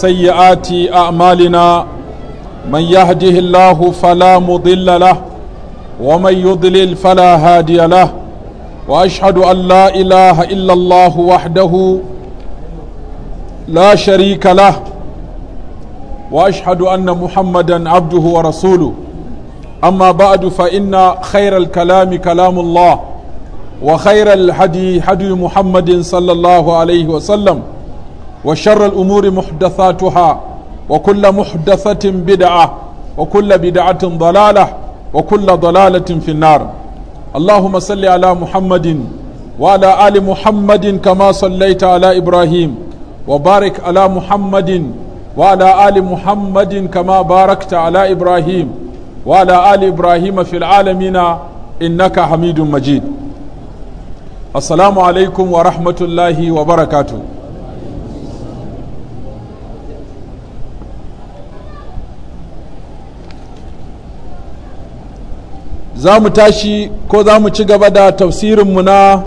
سيئات أعمالنا من يهده الله فلا مضل له ومن يضلل فلا هادي له وأشهد أن لا إله إلا الله وحده لا شريك له وأشهد أن محمدا عبده ورسوله أما بعد فإن خير الكلام كلام الله وخير الحدي حدي محمد صلى الله عليه وسلم وشر الأمور محدثاتها وكل محدثة بدعة وكل بدعة ضلالة وكل ضلالة في النار اللهم صل على محمد وعلى آل محمد كما صليت على إبراهيم وبارك على محمد وعلى آل محمد كما باركت على إبراهيم وعلى آل إبراهيم في العالمين إنك حميد مجيد السلام عليكم ورحمة الله وبركاته za mu tashi ko za mu ci gaba da tafsirinmu na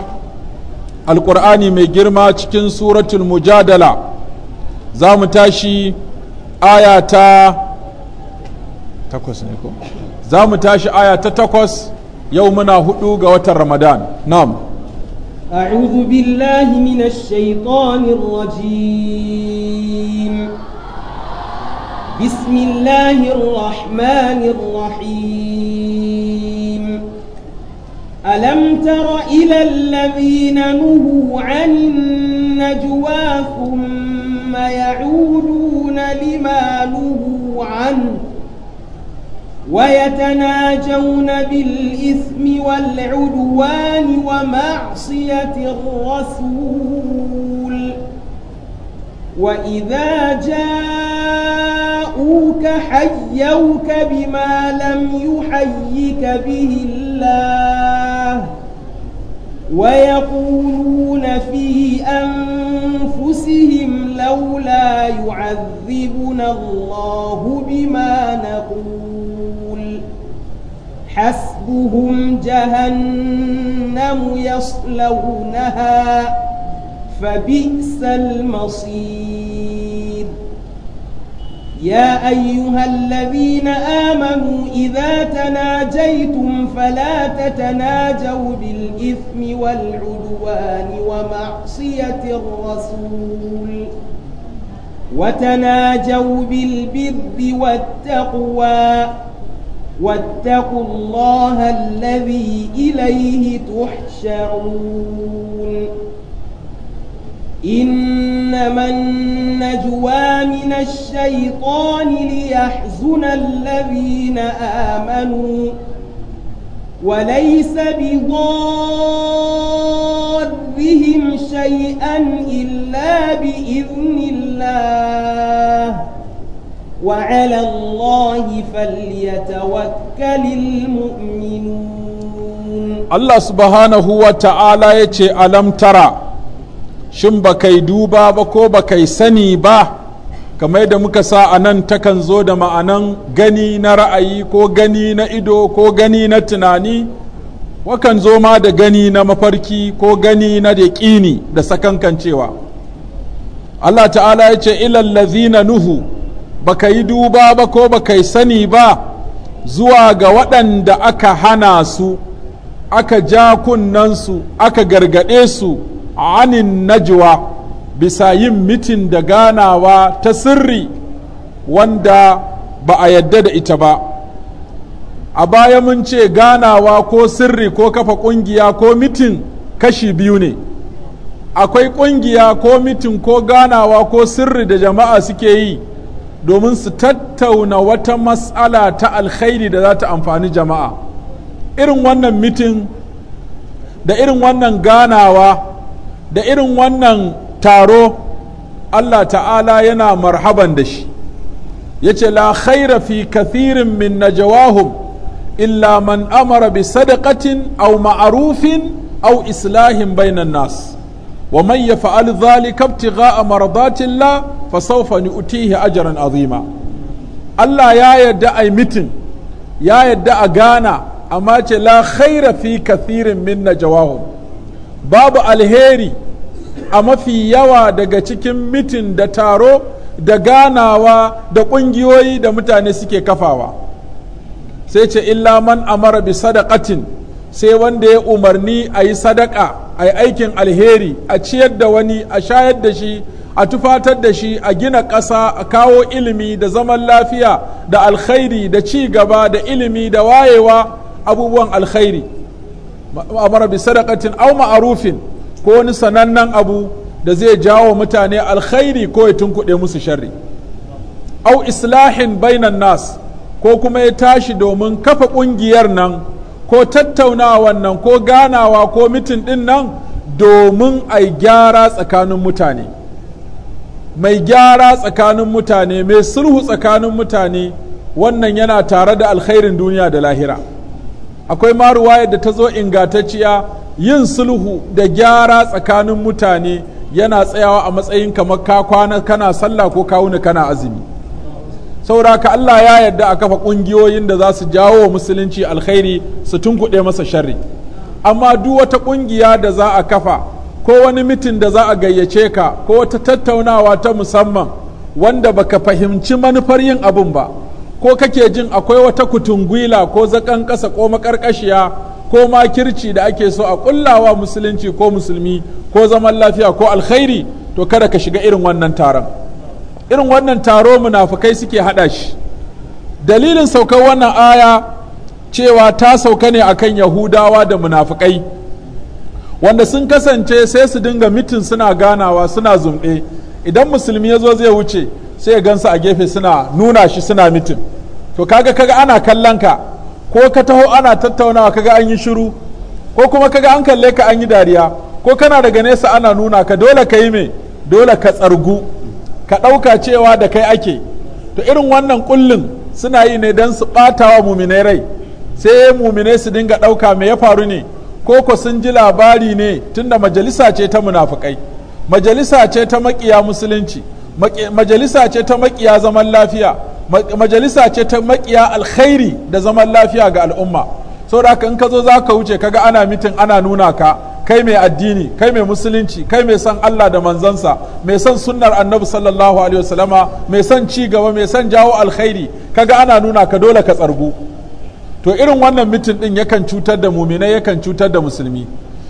alkur'ani mai girma cikin suratul mujadala za mu tashi aya ta takwas ne ko za mu tashi aya ta takwas yau muna hudu ga watan ramadan nam أعوذ بالله من الشيطان الرجيم بسم الله الرحمن الرحيم ألم تر إلى الذين نهوا عن النجوى ثم يعودون لما نهوا عنه ويتناجون بالإثم والعدوان ومعصية الرسول وإذا جاءوك حيوك بما لم يحيك به الله ويقولون في أنفسهم لولا يعذبنا الله بما نقول حسبهم جهنم يصلونها فبئس المصير يا أيها الذين آمنوا إذا تناجيتم فلا تتناجوا بالإثم والعدوان ومعصية الرسول وتناجوا بالبر والتقوى واتقوا الله الذي إليه تحشرون إنما النجوى من الشيطان ليحزن الذين آمنوا وليس بضارهم شيئا إلا بإذن الله وعلى الله فليتوكل المؤمنون الله سبحانه وتعالى يتي ألم ترى shin ba kai duba ba ko ba kai sani ba kamar da muka sa a nan takan zo da ma'anan gani na ra'ayi ko gani na ido ko gani na tunani wakan zo ma da gani na mafarki ko gani na yaƙini da cewa. Allah ta'ala ya ce ilallazina nuhu baka yi duba ba ko baka yi sani ba zuwa ga waɗanda aka hana su aka ja kunnansu aka gargaɗe su anin najwa bisa yin mitin da ganawa ta sirri wanda ba a yadda da ita ba a baya mun ce ganawa ko sirri ko kafa ƙungiya ko mitin kashi biyu ne akwai ƙungiya ko mitin ko ganawa ko sirri da jama'a suke yi domin su tattauna wata matsala ta alkhairi da za ta amfani jama'a irin wannan mitin da irin wannan ganawa da irin wannan taro Allah ta'ala yana marhaban da shi ya ce la khaira fi kathirin min najawahum illa man amara bi sadaqatin aw ma'arufin aw islahin bainan nas wa man yaf'al dhalika ibtigha'a mardatillah fa sawfa nu'tihi ajran azima Allah ya yadda ai mitin ya yadda a gana amma ce la khaira fi kathirin min najawahum babu alheri a mafi yawa daga cikin mitin da taro da ganawa da ƙungiyoyi da mutane suke kafawa sai ce illa man amara bi sadaqatin sai wanda ya umarni a yi sadaka a yi aikin alheri a ciyar da wani a shayar da shi a tufatar da shi a gina ƙasa a kawo ilimi da zaman lafiya da alkhairi da ci gaba da ilimi da wayewa abubuwan alkhairi amara bi sadaqatin aw ma'rufin ko wani sanannen abu da zai jawo mutane alkhairi ko ya tunkuɗe musu sharri au islahin bainan nas ko kuma ya tashi domin kafa ƙungiyar nan ko tattaunawan nan ko ganawa ko mitin ɗin nan domin a gyara tsakanin mutane mai gyara tsakanin mutane mai sulhu tsakanin mutane wannan yana tare da alkhairin duniya da lahira akwai maruwa yadda da ta zo ingantacciya yin sulhu da gyara tsakanin mutane yana tsayawa a matsayin kamar ka kwana kana sallah ko kawuna kana azumi ka Allah ya yarda a kafa ƙungiyoyin da za su jawo wa musulunci alkhairi su tunkuɗe masa sharri amma duk wata ƙungiya da za a kafa ko wani mitin da za a gayyace ka ko wata tattaunawa ta musamman wanda baka fahimci manufar yin abun ba ko kake jin akwai wata kutungwila ko zaƙan ƙasa ko maƙarƙashiya ko kirci da ake so a kullawa musulunci ko musulmi ko zaman lafiya ko alkhairi to kada ka shiga irin wannan taron irin wannan taro munafukai suke hada shi dalilin saukar wannan aya cewa ta sauka ne akan yahudawa da munafukai wanda sun kasance sai su dinga mitin suna ganawa suna zumɗe idan musulmi ya zo zai wuce sai ya gansa a gefe suna nuna shi suna mitin to kaga kaga ana kallon ka ko ka taho ana tattaunawa kaga an yi shiru ko kuma kaga an kalle ka an yi dariya ko kana daga nesa ana nuna ka dole ka yi me dole ka tsargu ka ɗauka cewa da kai ake to irin wannan kullum suna yi ne don su ɓata wa muminai rai sai muminai su dinga ɗauka me ya faru ne ko ko sun ji labari ne tunda majalisa ce ta munafukai majalisa ce ta maƙiya musulunci majalisa ce ta maƙiya zaman lafiya majalisa ce ta makiya alkhairi da zaman lafiya ga al'umma saboda ka in ka zo za ka wuce kaga ana mitin ana nuna ka kai mai addini kai mai musulunci kai mai son Allah da manzansa mai son sunnar annabi sallallahu alaihi wasallama mai son ci gaba mai son jawo alkhairi kaga ana nuna ka dole ka tsargu to irin wannan mitin din yakan cutar da muminai yakan cutar da musulmi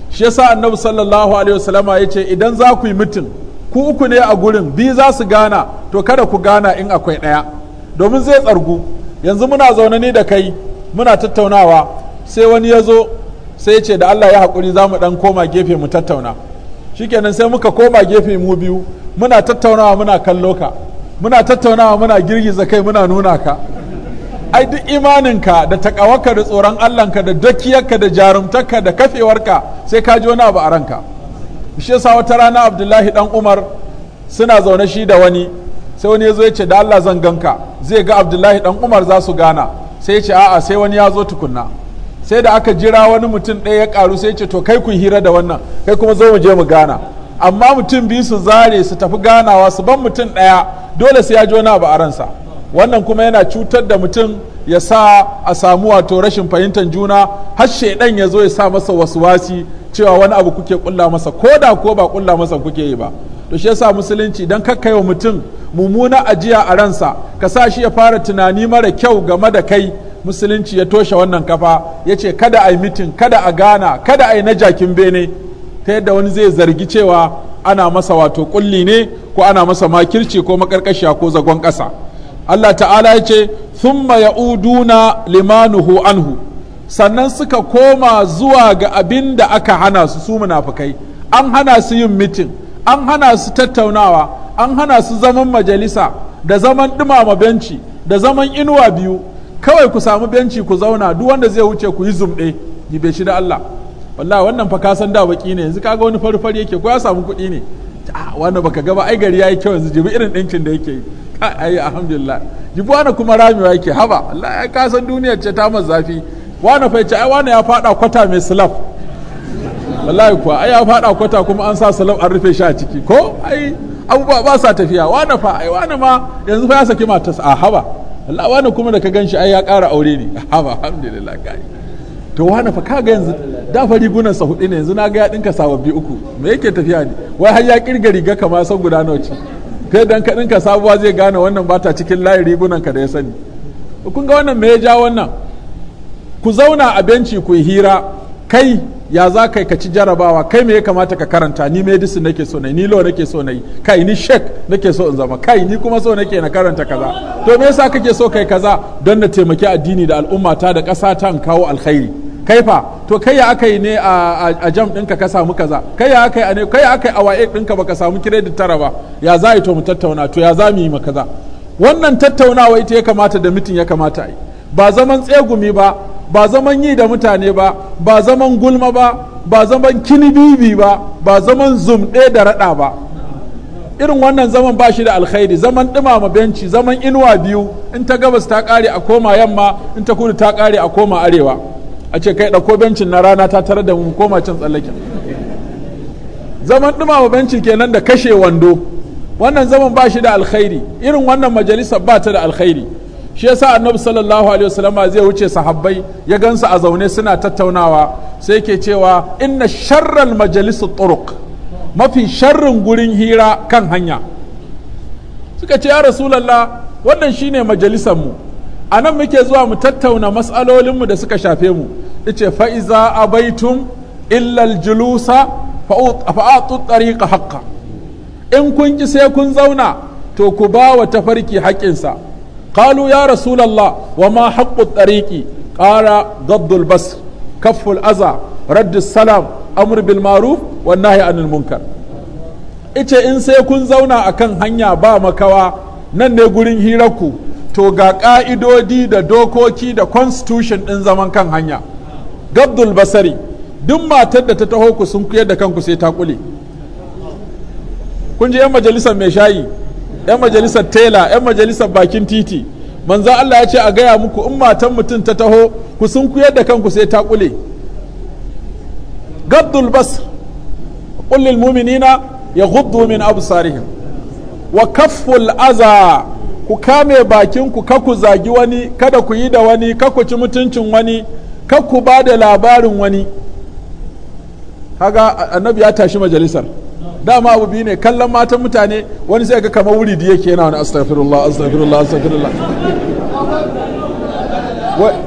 shi yasa annabi sallallahu alaihi wasallama yace idan za ku yi mitin ku uku ne a gurin bi za su gana to kada ku gana in akwai ɗaya domin zai tsargu yanzu muna zaune ni da kai muna tattaunawa sai wani ya zo sai ce da Allah ya haƙuri za mu ɗan koma gefe mu tattauna shikenan sai muka koma gefe mu biyu muna tattaunawa muna kallo ka muna tattaunawa muna girgiza kai muna nuna ka ai duk imaninka da takawarka da tsoron Allahnka da dakiyarka da jarumtarka da kafewarka sai ka ji wani abu a ranka shi yasa wata rana Abdullahi dan Umar suna zaune shi da wani sai wani ya zo ya ce da Allah zan ganka zai ga abdullahi dan umar za su gana sai ya ce a'a sai wani ya zo tukunna sai da aka jira wani mutum ɗaya ya karu sai ya ce to kai ku hira da wannan kai kuma zo mu je mu gana amma mutum biyu su zare su tafi ganawa su ban mutum ɗaya dole sai ya ji wani abu a ransa wannan kuma yana cutar da mutum ya sa a samu wato rashin fahimtar juna har shaidan ya zo ya sa masa wasu wasi cewa wani abu kuke kulla masa ko da ko ba kulla masa kuke yi ba to shi yasa musulunci idan kai wa mutum mummuna ajiya a ransa ka sa shi ya fara tunani mara kyau game da kai musulunci ya toshe wannan kafa ya ce kada a yi mitin kada a gana kada a yi na jakin bene ta yadda wani zai zargi cewa ana masa wato kulli ne ko ana masa makirci ko makarkashiya ko zagon ƙasa Allah ta'ala ya ce thumma uduna limanuhu anhu sannan suka koma zuwa ga abin da aka hana su su munafukai an hana su yin mitin an hana su tattaunawa an hana su zaman majalisa da zaman dumama benci da zaman inuwa biyu kawai ku samu benci ku zauna duk wanda zai wuce ku yi zumɗe jibe shi da Allah wallahi wannan fa ka san da baki ne yanzu kaga wani fari fari yake ko ya samu kuɗi ne ah wani baka ga ba ai gari yayi kyau yanzu jibi irin ɗinkin da yake yi ai alhamdulillah jibi wani kuma ramewa yake haba wallahi ka san duniyar ce ta mazafi. zafi wani fa ce ai wani ya fada kwata mai slab wallahi kuwa ai ya fada kwata kuma an sa slab an rufe shi a ciki ko ai abubuwa ba sa tafiya wani fa ai wane ma yanzu fa ya saki matarsa a haba Allah wane kuma da ka ganshi ai ya ƙara aure ne a haba alhamdulillah kai to wani fa kaga yanzu da fa rigunan sa hudu ne yanzu na ga ya dinka sababbi uku me yake tafiya ne wai har ya kirga riga kama san guda nawa ce kai dan ka dinka sabuwa zai gane wannan bata cikin layi rigunan ka da ya sani kun ga wannan me ya ja wannan ku zauna a benci ku hira kai ya za ka ci jarabawa kai me ya kamata ka karanta ni medicine nake so nai ni law nake so nayi kai ni shek nake so in zama kai ni kuma so nake na karanta kaza to me yasa kake so kai kaza don na taimaki addini da al'ummata da ƙasa ta kawo alkhairi kai fa to kai ya aka yi ne a jam ɗinka ka samu kaza kai ya aka yi ne kai ya aka yi a ɗinka baka samu credit tara ba ya za yi to mu tattauna to ya za mu yi ma kaza wannan tattaunawa ita ya kamata da mitin ya kamata yi ba zaman tsegumi ba ba zaman yi da mutane ba ba zaman gulma ba ba zaman kinibibi ba ba zaman zumɗe da raɗa ba irin wannan zaman ba shi da alkhairi zaman ɗumama benci zaman inuwa biyu in ta gabas ta ƙare a koma yamma in ta kudu ta ƙare a koma arewa a ce kai ɗauko bencin na rana ta tare da mu koma can tsallaken zaman ɗumama benci kenan da kashe wando wannan zaman ba shi da alkhairi irin wannan majalisa ba ta da alkhairi shi yasa annabi sallallahu alaihi wasallam zai wuce sahabbai ya gansu a zaune suna tattaunawa sai ke cewa inna sharral majalis turuq mafi sharrin gurin hira kan hanya suka ce ya rasulullah wannan shine majalisan mu a nan muke zuwa mu tattauna matsalolinmu da suka shafe mu ice fa'iza abaitum illal julusa fa'atu tariqa haqqa in kun ki sai kun zauna to ku ba wa tafarki haƙƙinsa قالوا يا رسول الله وما حق الطريق قال ضد البصر كف الأذى رد السلام أمر بالمعروف والنهي عن المنكر ice in sai kun zauna a kan hanya ba makawa nan ne gurin hirarku to ga ƙa'idodi da dokoki da constitution ɗin zaman kan hanya gabdul basari duk matar da ta taho ku sun kuyar da kanku sai ta kule kun je 'yan majalisar mai shayi 'yan majalisar tela 'yan majalisar bakin titi manzan Allah ya ce a gaya muku in matan mutum ta taho ku sun kuyar da kanku sai ta kule gabdul bas kullil muminina ya guddu min sarihin wa kafful aza ku kame bakin ku kaku zagi wani kada ku yi da wani kaku ci mutuncin wani kaku ku ba da labarin wani haga annabi ya tashi majalisar dama abu biyu ne kallon matan mutane wani sai ga kamar wuri da yake yana wani astagfirullah astagfirullah astagfirullah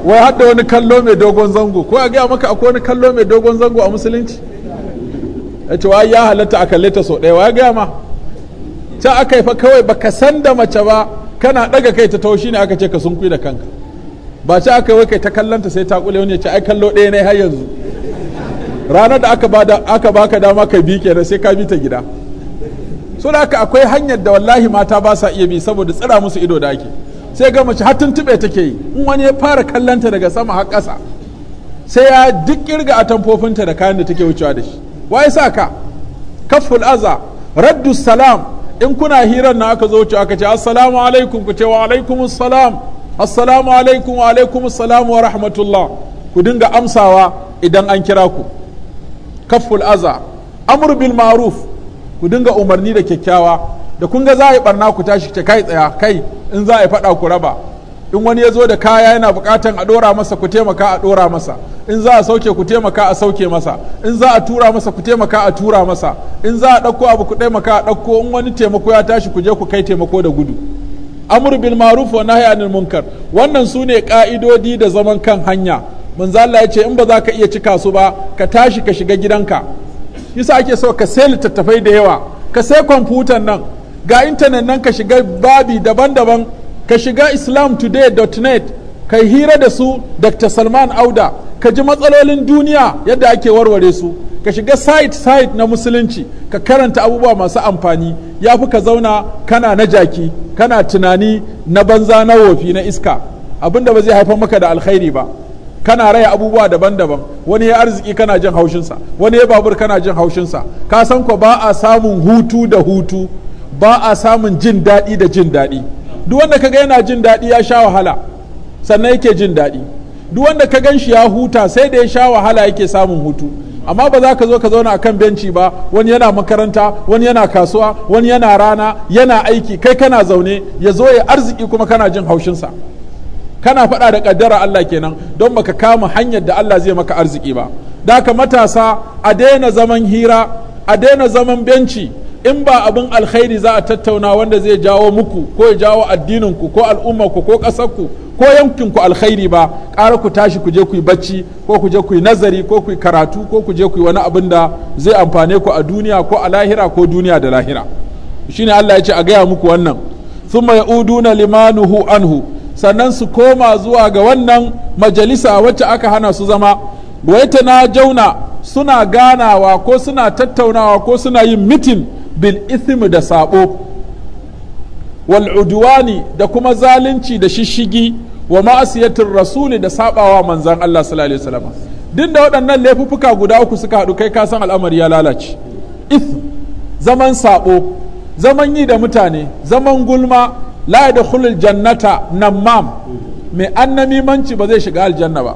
wai hadda wani kallo mai dogon zango ko a gaya maka akwai wani kallo mai dogon zango a musulunci a ce wa ya halatta a kalle ta sau ɗaya wa gaya ma ta aka yi fa kawai baka san da mace ba kana ɗaga kai ta taushi ne aka ce ka sunkuyi da kanka ba ta aka yi wai kai ta kallanta sai ta kule wani ya ce ai kallo ɗaya ne har yanzu ranar da aka bada aka baka dama ka bi kenan sai ka bi ta gida so da aka akwai hanyar da wallahi mata ba sa iya bi saboda tsira musu ido da ake sai ga mace har tube take yi in wani ya fara kallanta daga sama har ƙasa sai ya duk kirga a tamfofinta da kayan da take wucewa da shi wa sa ka kaful aza raddu salam in kuna hirar na aka zo wucewa aka ce assalamu alaikum ku ce wa alaikum salam assalamu alaikum wa alaikum salam wa rahmatullah ku dinga amsawa idan an kira ku kafful aza amur bil ma'ruf ku dinga umarni da kyakkyawa da kun ga za a yi barna ku tashi ta kai tsaya kai in za a yi faɗa ku raba in wani ya zo da kaya yana bukatan a dora masa ku taimaka a dora masa in za a sauke ku taimaka a sauke masa in za a tura masa ku taimaka a tura masa in za a ɗauko abu ku taimaka a ɗauko in wani taimako ya tashi ku je ku kai taimako da gudu amur bil ma'ruf wa nahy munkar wannan sune ka'idodi da zaman kan hanya manzo Allah ya ce in ba za ka iya cika su ba ka tashi ka shiga gidanka yasa ake so ka sai littattafai da yawa ka sai kwamfutan nan ga intanet nan ka shiga babi daban-daban ka shiga islam islamtoday.net ka hira da su dr salman auda ka ji matsalolin duniya yadda ake warware su ka shiga site site na musulunci ka karanta abubuwa masu amfani ya fi ka zauna kana na jaki kana tunani na banza na wofi na iska abinda ba zai haifar maka da alkhairi ba kana raya abubuwa daban-daban wani ya arziki kana jin haushinsa wani ya babur kana jin haushinsa ka san ko ba a samun hutu da hutu ba a samun jin daɗi da jin daɗi duk wanda ga yana jin daɗi ya sha wahala sannan yake jin daɗi duk wanda ka gan shi ya huta sai da ya sha wahala yake samun hutu amma ba za ka zo ka zauna a kan benci ba wani yana makaranta wani yana kasuwa wani yana rana yana aiki kai kana zaune ya zo ya arziki kuma kana jin haushinsa kana faɗa da ƙaddara Allah kenan don baka kama hanyar da Allah zai maka arziki ba daka matasa a daina zaman hira a daina zaman benci in ba abin alkhairi za a tattauna wanda zai jawo muku ko ya jawo addininku ko al'ummarku ko ƙasarku ko yankin ku alkhairi ba ƙara ku tashi ku je ku yi bacci ko ku je ku yi nazari ko ku yi karatu ko ku je ku yi wani abin da zai amfane ku a duniya ko a lahira ko duniya da lahira shine Allah ya ce a gaya muku wannan thumma yauduna limanuhu anhu sannan su koma zuwa ga wannan majalisa wacce aka hana su zama waita na jauna suna ganawa ko suna tattaunawa ko suna yin mitin bil ithim da sabo wal udwani da kuma zalunci da shishigi wa ma'asiyatir rasuli da sabawa manzan Allah sallallahu alaihi wasallam din da waɗannan laifuffuka guda uku suka haɗu kai ka san al'amari ya lalace if zaman sabo zaman yi da mutane zaman gulma la yadkhulul jannata mam mai mimanci ba zai shiga aljanna ba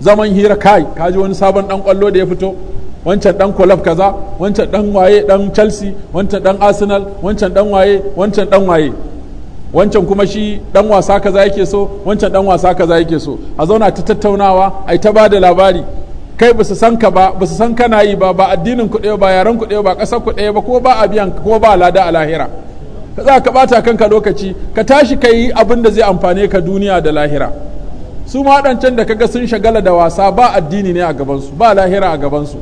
zaman hira kai ji wani sabon dan kwallo da ya fito wancan dan kwalaf kaza wancan dan waye dan chelsea wancan dan arsenal wancan dan waye wancan dan waye wancan kuma shi dan wasa kaza yake so wancan dan wasa kaza yake so a zauna ta tattaunawa yi ta ba da labari kai ba su san ka ba ba su san kana yi ba ba addinin ku ba yaran ku ba ƙasar ku ba ko ba a biyan ko ba lada a lahira ka za ka bata kanka lokaci ka tashi ka yi abin da zai amfane ka duniya da lahira su ma waɗancan da kaga sun shagala da wasa ba addini ne a gabansu ba lahira a gabansu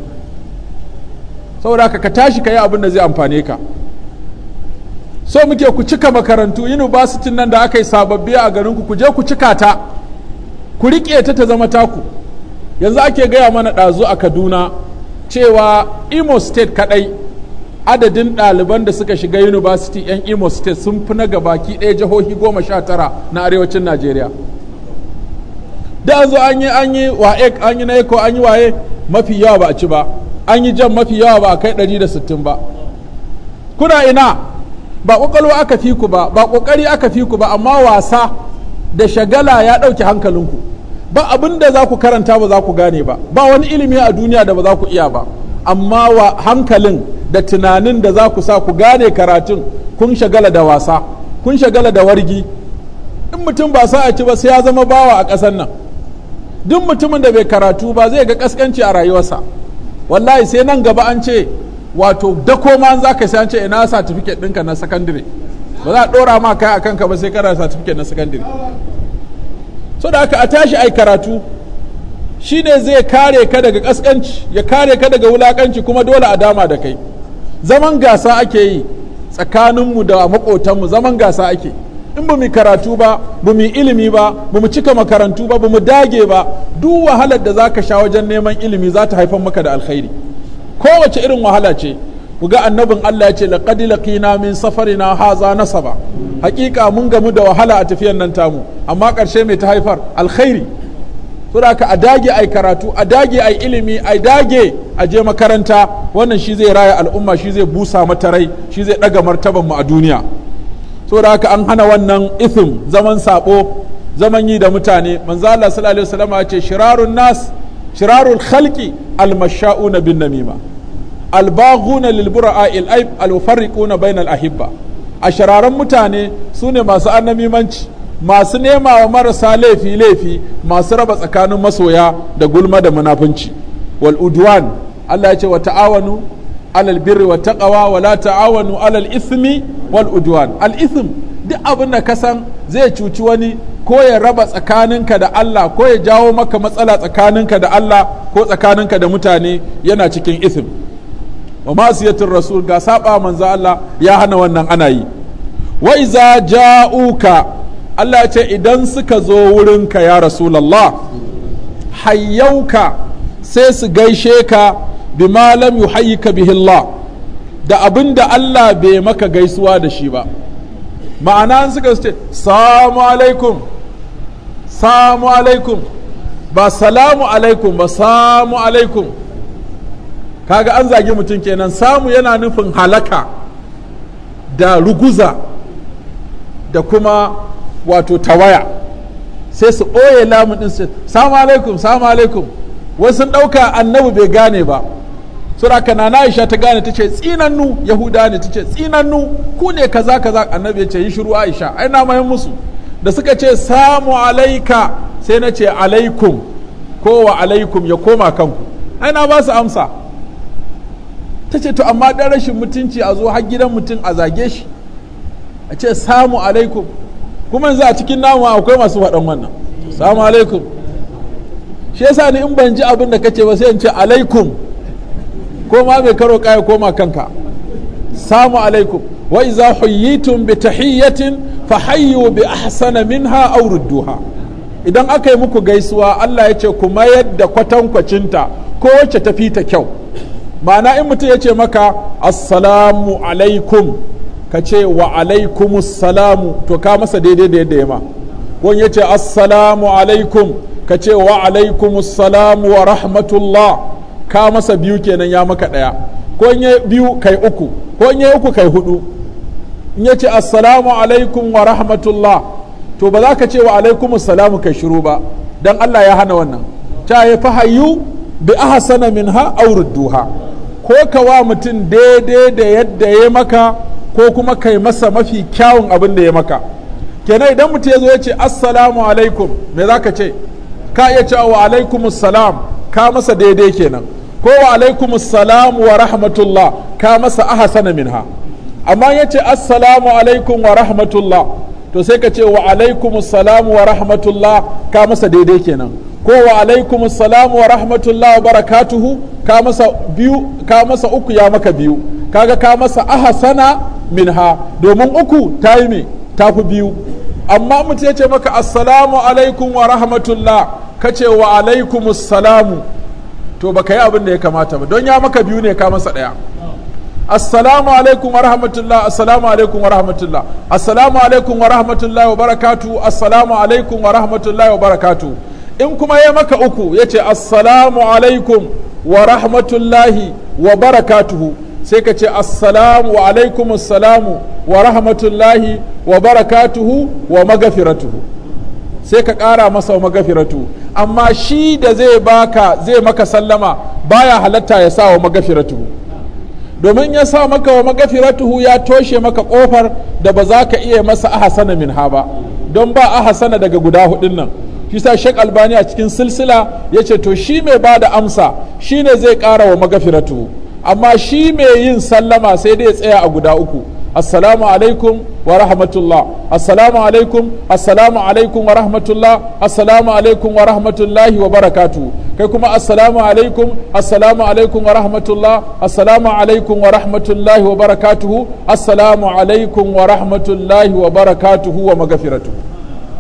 saboda ka tashi ka yi abin da zai amfane ka so muke ku cika makarantu university nan da aka yi sababbi a garinku ku je ku cika ta ku riƙe ta ta zama taku yanzu ake gaya mana ɗazu a kaduna cewa imo state kaɗai adadin ɗaliban da suka shiga university yan imo state sun fi na gabaki ɗaya jihohi goma sha tara na arewacin najeriya da an zo an yi an yi wa'ek an yi na eko an yi waye mafi yawa ba a ci ba an yi jan mafi yawa ba a kai ɗari da sittin ba kuna ina ba ƙoƙari aka fi ku ba ba ƙoƙari aka fi ku ba amma wasa da shagala ya ɗauki hankalinku ba abin da za ku karanta ba za ku gane ba ba wani ilimi a duniya da ba za ku iya ba amma wa hankalin da tunanin da za ku sa ku gane karatun kun shagala da wasa kun shagala da wargi in mutum ba sa a ci ba sai ya zama bawa a ƙasar nan duk mutumin da bai karatu ba zai ga ƙasƙanci a rayuwarsa wallahi sai nan gaba an ce wato dako ma za ka sai an ce ina satifiket ɗinka na sakandire ba za a ɗora ma kai a kanka ba sai kana satifiket na sakandire so da aka a tashi ai karatu shine zai kare ka daga ƙasƙanci ya kare ka daga wulaƙanci kuma dole a dama da kai zaman gasa ake yi tsakaninmu da maƙotanmu zaman gasa ake in ba mu karatu ba ba mu ilimi ba ba mu cika makarantu ba ba mu dage ba duk wahalar da za ka sha wajen neman ilimi za ta haifar maka da alkhairi kowace irin wahala ce ku ga annabin Allah ya ce laqad laqina min na haza nasaba hakika mun gamu da wahala a tafiyar nan tamu amma karshe mai ta haifar alkhairi saboda a dage ai karatu a dage ai ilimi a dage a je makaranta wannan shi zai raya al'umma shi zai busa mata rai shi zai ɗaga martaban mu a duniya saboda haka an hana wannan ithm zaman sabo zaman yi da mutane manzo Allah sallallahu alaihi wasallam ce shirarun nas shirarul khalqi almashauna bin namima albaghuna lil bura'a al aib al bainal ahibba a shararan mutane sune masu annamimanci masu nema wa marasa laifi laifi masu raba tsakanin masoya da gulma da munafunci wal udwan Allah ya ce wa ta'awanu alal birri wa taqawa wa la ta'awanu alal ismi wal udwan al ism duk abin da kasan zai cuci wani ko ya raba tsakaninka da Allah ko ya jawo maka matsala tsakaninka da Allah ko tsakaninka da mutane yana cikin ism wa masiyatin rasul ga saba manzo Allah ya hana wannan ana yi wa iza ja'uka Allah ya ce idan suka zo wurinka ya rasulallah hayyauka sai su gaishe ka bi malam yu bihi Allah da abin da Allah bai maka gaisuwa da shi ba ma'ana suka ce salamu alaikum salamu alaikum ba salamu alaikum ba salamu alaikum kaga an zagi mutum kenan samu yana nufin halaka da ruguza da kuma wato tawaya sai su ɓoye lamun ɗin su samu alaikum samu alaikum wasu ɗauka annabi bai gane ba kana na Aisha ta gane ta ce tsinannu Yahuda ne ta ce tsinannu ku ne kaza kaza annabi ya ce yi shiru Aisha ai na mayan musu da suka ce samu alaika sai na ce alaikum ko alaikum ya koma kanku ai na ba su amsa ta ce to amma ɗan rashin mutunci a zo har gidan mutum a zage shi a ce samu alaikum kuma yanzu a cikin namu akwai masu faɗan wannan salamu alaikum shi yasa ni in ban ji abin da kace ba sai in ce alaikum ko ma mai karo kaya ma kanka salamu alaikum wa iza huyitum bi tahiyyatin fa hayyu bi ahsana minha aw rudduha idan aka yi muku gaisuwa Allah yace ce ku mayar da kwatankwacinta ko wacce ta fita kyau ma'ana in mutum ya ce maka assalamu alaikum ka ce wa alaikum salamu to ka masa daidai da yadda ya ma wani ya ce assalamu alaikum ka ce wa alaikum salamu wa rahmatullah ka masa biyu kenan ya maka ɗaya ko in biyu kai uku ko in uku kai hudu in ya ce assalamu alaikum wa rahmatullah to ba za ka ce wa alaikum salamu kai shiru ba dan Allah ya hana wannan ta ya fi hayyu bi ahsana minha aw rudduha ko ka wa mutum daidai da yadda ya maka ko kuma kai masa mafi kyawun abin da ya maka kenan idan mutum ya zo ya ce assalamu alaikum me za ka ce ka iya ce wa alaikum salam ka masa daidai kenan ko wa alaikum salam wa rahmatullah ka masa ahasana minha amma ya ce assalamu alaikum wa rahmatullah to sai ka ce wa alaikum salam wa rahmatullah ka masa daidai kenan ko wa alaikum salam wa rahmatullah wa barakatuhu ka masa biyu ka masa uku ya maka biyu kaga ka masa aha sana min ha domin uku ta yi me ta fi biyu amma mutum ya ce maka assalamu alaikum wa rahmatullah ka ce wa alaikum assalamu to baka yi abin da ya kamata ba don ya maka biyu ne ka masa ɗaya assalamu alaikum wa rahmatullah assalamu alaikum wa rahmatullah assalamu alaikum wa rahmatullah wa barakatu assalamu alaikum wa rahmatullah wa barakatu in kuma ya maka uku ya ce assalamu alaikum wa rahmatullahi wa barakatuhu sai ka ce assalamu alaikum assalamu wa rahmatullahi wa barakatuhu wa magafiratuhu sai ka kara masa wa magafiratu amma shi da zai baka zai maka sallama baya halatta ya sa wa magafiratuhu domin ya sa maka wa magafiratuhu ya toshe maka kofar da ba za ka iya masa ahasana min ha ba don ba ahasana daga guda hudun nan shi sa shek albani a cikin silsila ya ce to shi mai ba da amsa ne zai kara wa magafiratuhu amma shi mai yin sallama sai dai tsaya a guda uku assalamu alaikum wa rahmatullah assalamu alaikum assalamu alaikum wa rahmatullah assalamu alaikum wa rahmatullahi wa barakatu kai kuma assalamu alaikum assalamu alaikum wa rahmatullah assalamu alaikum wa rahmatullahi wa barakatuhu assalamu alaikum wa rahmatullahi wa barakatuhu wa magafiratuhu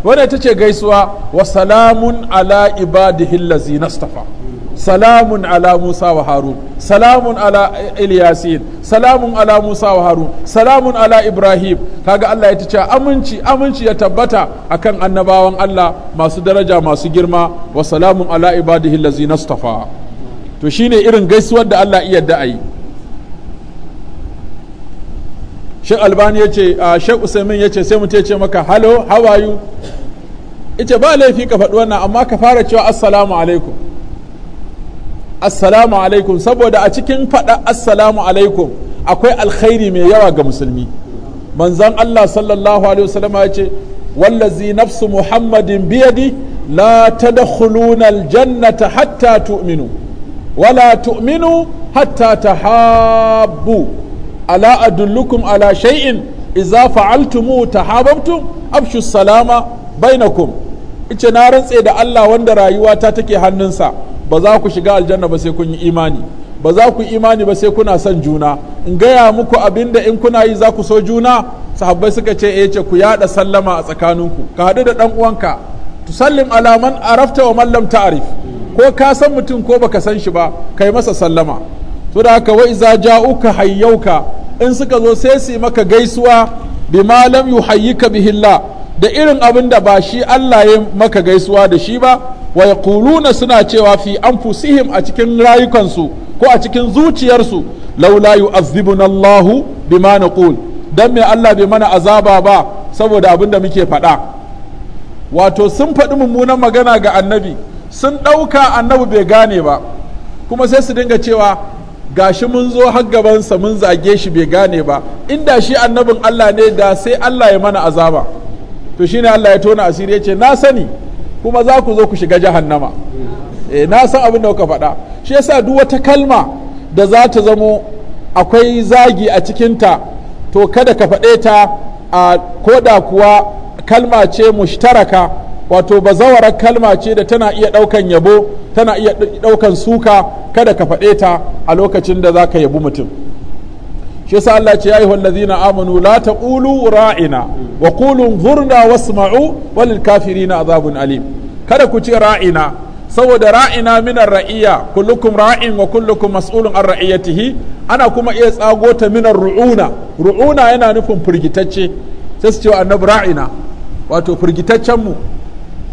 wannan ita ce gaisuwa wa salamun ala ibadihi allazi nastafa salamun ala musa wa harun salamun ala ilyasin salamun ala musa wa harun salamun ala ibrahim kaga allah ya ce aminci aminci ya tabbata akan annabawan allah masu daraja masu girma wa salamun ala ibadihi allazi nastafa to shi ne irin gaisuwar da allah iya da'ayi shek albani ya ce a shek min ya ce sai mu ce maka halo hawayu ita ba laifi ka faɗi na amma ka fara cewa assalamu alaikum assalamu alaikum saboda a cikin faɗa assalamu alaikum akwai alkhairi mai yawa ga musulmi manzon Allah sallallahu alaihi wasallam ya ce wallazi nafsu muhammadin biyadi la tadkhuluna aljannata hatta tu'minu wala tu'minu hatta ta habu ala adullukum ala shay'in idza fa'altumu tahabbtum abshu salama bainakum ice na rantse da Allah wanda rayuwata take hannunsa ba za ku shiga aljanna ba sai kun yi imani ba za ku imani ba sai kuna son juna in gaya muku abin da in kuna yi za ku so juna sahabbai suka ce eh ce ku yada sallama a tsakaninku ka haɗu da ɗan uwanka sallim alaman arafta wa mallam ta'arif ko ka san mutum ko baka san shi ba kai masa sallama to da haka wai za ja'uka hayyauka in suka zo sai su maka gaisuwa bi malam yuhayyika bihillah da irin abin da ba shi Allah ya maka gaisuwa da shi ba wa kuluna suna cewa fi an fusihim a cikin rayukansu ko a cikin zuciyarsu laula yu'azzibuna Allahu na kul dan mai Allah bai mana azaba ba saboda abin da muke faɗa wato sun faɗi mummunan magana ga annabi sun ɗauka annabi bai gane ba kuma sai su dinga cewa gashi mun zo har gabansa mun zage shi bai gane ba inda shi annabin Allah ne da sai Allah ya mana azaba to shine Allah ya tona asiri ya ce na sani kuma za ku zo ku shiga jahannama e, na san abin da kuka faɗa shi yasa duk wata kalma da za ta zamo akwai zagi a cikinta to kada ka faɗe ta a koda kuwa kalma ce mushtaraka wato bazawarar kalma ce da tana iya ɗaukan yabo tana iya ɗaukan suka kada ka faɗe ta a lokacin da zaka ka mutum shi yasa Allah ce ya yi wallazina amanu la taqulu ra'ina wa qulu zurna wasma'u walil kafirina azabun alim kada ku ce ra'ina saboda ra'ina minar ra'iya kullukum ra'in wa kullukum mas'ulun an ra'iyatihi ana kuma iya tsago ta minar ru'una ru'una yana nufin firgitacce sai su ce annabi ra'ina wato firgitaccen mu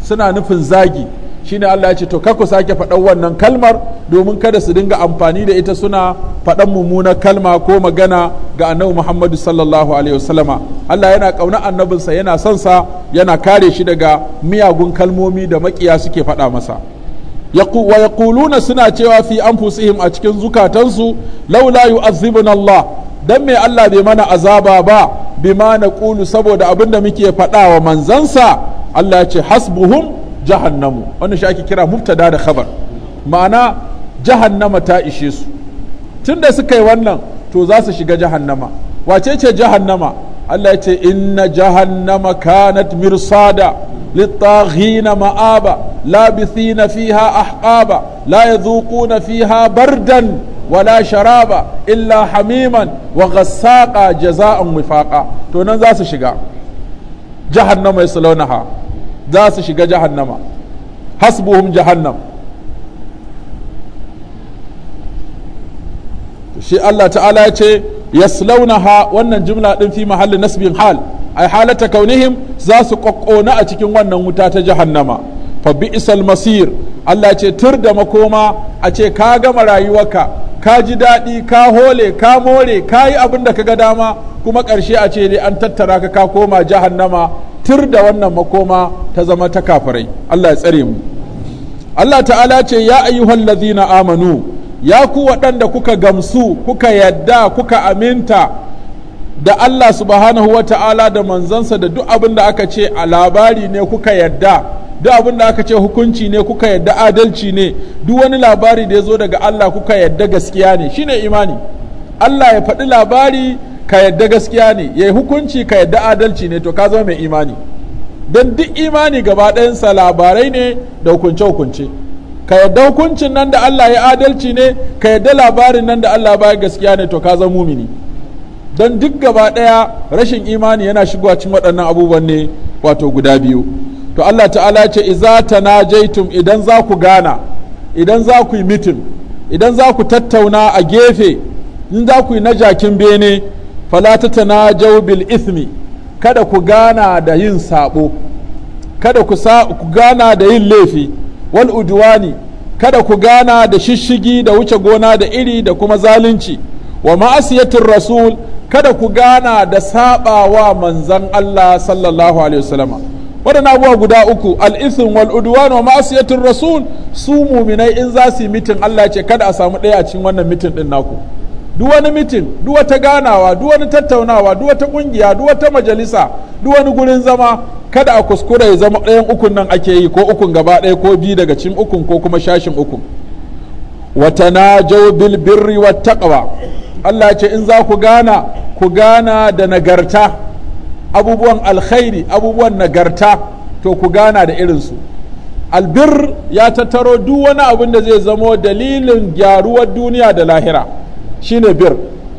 suna nufin zagi shine Allah ya ce to kaku sake faɗan wannan kalmar domin kada su dinga amfani da ita suna faɗan mummunar kalma ko magana ga annabi Muhammadu sallallahu alaihi wasallama Allah yana kauna annabinsa yana son sa yana kare shi daga miyagun kalmomi da makiya suke faɗa masa wa yaquluna suna cewa fi anfusihim a cikin zukatansu laula yu'azzibuna Allah dan me Allah bai mana azaba ba bima naqulu saboda abinda muke faɗa wa manzansa Allah ya ce hasbuhum jahannamu wannan shi ake kira mubtada da khabar ma'ana jahannama ta ishe su tunda suka yi wannan to za su shiga jahannama wace ce jahannama Allah ya ce inna jahannama kanat mirsada للطاغين مآبا لابثين فيها أحقابا لا يذوقون فيها بردا ولا شرابا إلا حميما وغساقا جزاء وفاقا تونان ذا سشقا جهنم يصلونها za su shiga jahannama hasbuhum jahannam shi Allah ta'ala ya ce yaslaunaha wannan jumla din fi mahallin nasbin hal ai halata kaunihim za su kokkona a cikin wannan wuta ta jahannama fa bi'sal masir Allah ce tur da makoma a ce ka gama rayuwarka ka ji daɗi ka hole ka more ka yi abin da ka ga dama kuma ƙarshe a ce ne an tattara ka ka koma jahannama tur da wannan makoma ta zama ta kafirai Allah ya tsare mu Allah ta'ala ce ya ayyuhal ladhina amanu ya ku waɗanda kuka gamsu kuka yadda kuka aminta da Allah subhanahu wa ta'ala da manzansa da duk abin da aka ce a labari ne kuka yadda duk abin da aka ce hukunci ne kuka yadda adalci ne duk wani labari da ya zo daga Allah kuka yadda gaskiya ne shine imani Allah ya faɗi labari ka yadda gaskiya ne ya hukunci ka yadda adalci ne to ka zama mai imani don duk imani gaba ɗayansa labarai ne da hukunce-hukunce ka yadda hukuncin nan da Allah ya adalci ne ka yadda labarin nan da Allah baya gaskiya ne to ka zama mumini don duk gaba ɗaya rashin imani yana shigowa cikin waɗannan abubuwan ne wato guda biyu to Allah ta'ala ce iza tanajaitum idan za ku gana idan za ku yi mitin idan za ku tattauna a gefe in za ku yi na jakin bene fala tatanajau bil ismi kada ku gana da yin sabo kada ku gana da yin laifi wal udwani kada ku gana da shishigi da wuce gona da iri da kuma zalunci wa ma'asiyatin rasul kada ku gana da wa manzan Allah sallallahu alaihi wasallama waɗanda abuwa guda uku al'isin wal udwan wa ma'asiyatin rasul su muminai in za su yi mitin Allah ce kada a samu ɗaya a cikin wannan mitin ɗin naku duk wani mitin duk wata ganawa duk wani tattaunawa duk wata kungiya duk wata majalisa duk wani gurin zama kada a kuskura ya zama ɗayan ukun nan ake yi ko ukun gaba ɗaya ko biyu daga cikin ukun ko kuma shashin ukun wata na bil birri wa taqwa Allah ce in za ku gana ku gana da nagarta abubuwan alkhairi abubuwan nagarta to ku gana da irinsu albir ya tattaro duk wani abin da zai zamo dalilin gyaruwar duniya da lahira shine bir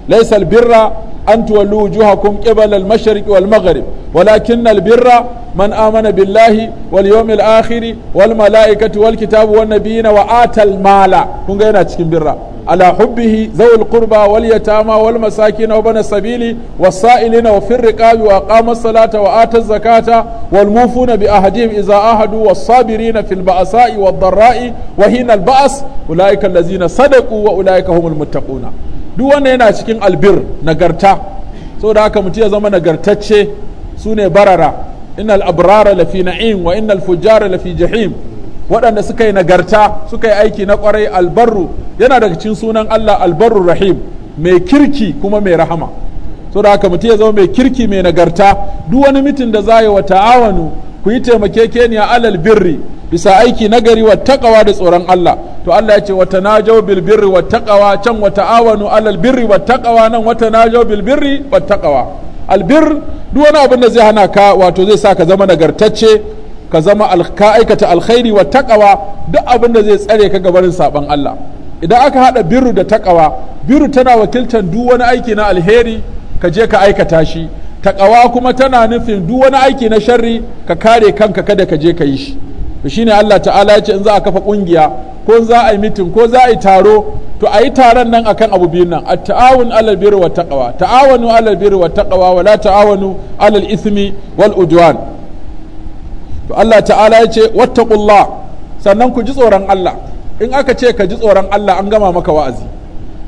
laisal birra an tuwallu wujuhakum qibal al mashariq wal maghrib walakin al birra man amana billahi wal yawmil akhir wal malaikati wal kitab wan nabiyina wa atal mala kunga yana cikin birra ala hubbihi zawul kurba wal yatama wal masakin wa bana sabili was sa'ilina wa fir riqab wa aqama salata wa zakata wal mufuna bi ahadihim idha ahadu was sabirina fil ba'sa'i wad dharra'i wa hina ba'as ba's ulaika allazina sadaqu wa ulaika humul muttaquna duk wanda yana cikin albir nagarta saboda haka mutum ya zama nagartacce su ne barara innal abrara lafi na'im wa innal fujara lafi jahim waɗanda suka yi nagarta suka yi aiki na ƙwarai albarru yana daga cikin sunan Allah albarru rahim mai kirki kuma mai rahama so da haka mutum ya zama mai kirki mai nagarta duk wani mitin da za yi wa ta'awanu ku yi taimake taimakekeniya alal birri bisa aiki nagari wa taqawa da tsoron Allah to Allah ya ce wata na bil birri wa taqawa can wata awanu alal birri wa taqawa nan wata na bil birri wa taqawa albir duk wani abin da zai hana ka wato zai sa ka zama nagartacce ka zama ka aikata alkhairi wa taqawa duk abin da zai tsare ka gabarin saban Allah idan aka haɗa birru da takawa birru tana wakiltan duk wani aiki na alheri ka je ka aikata shi taƙawa kuma tana nufin duk wani aiki na sharri ka kare kanka kada ka je ka yi shi to shine Allah ta'ala ya ce in za a kafa kungiya ko za a yi mitin ko za a yi taro to a yi taron nan akan abu biyun nan at ta'awun alal birri wa taqwa ta'awanu alal birri wa taqwa wa la ta'awanu alal ismi wal udwan to Allah ta'ala ya ce wattaqullah sannan ku ji tsoron Allah in aka ce ka ji tsoron Allah an gama maka wa'azi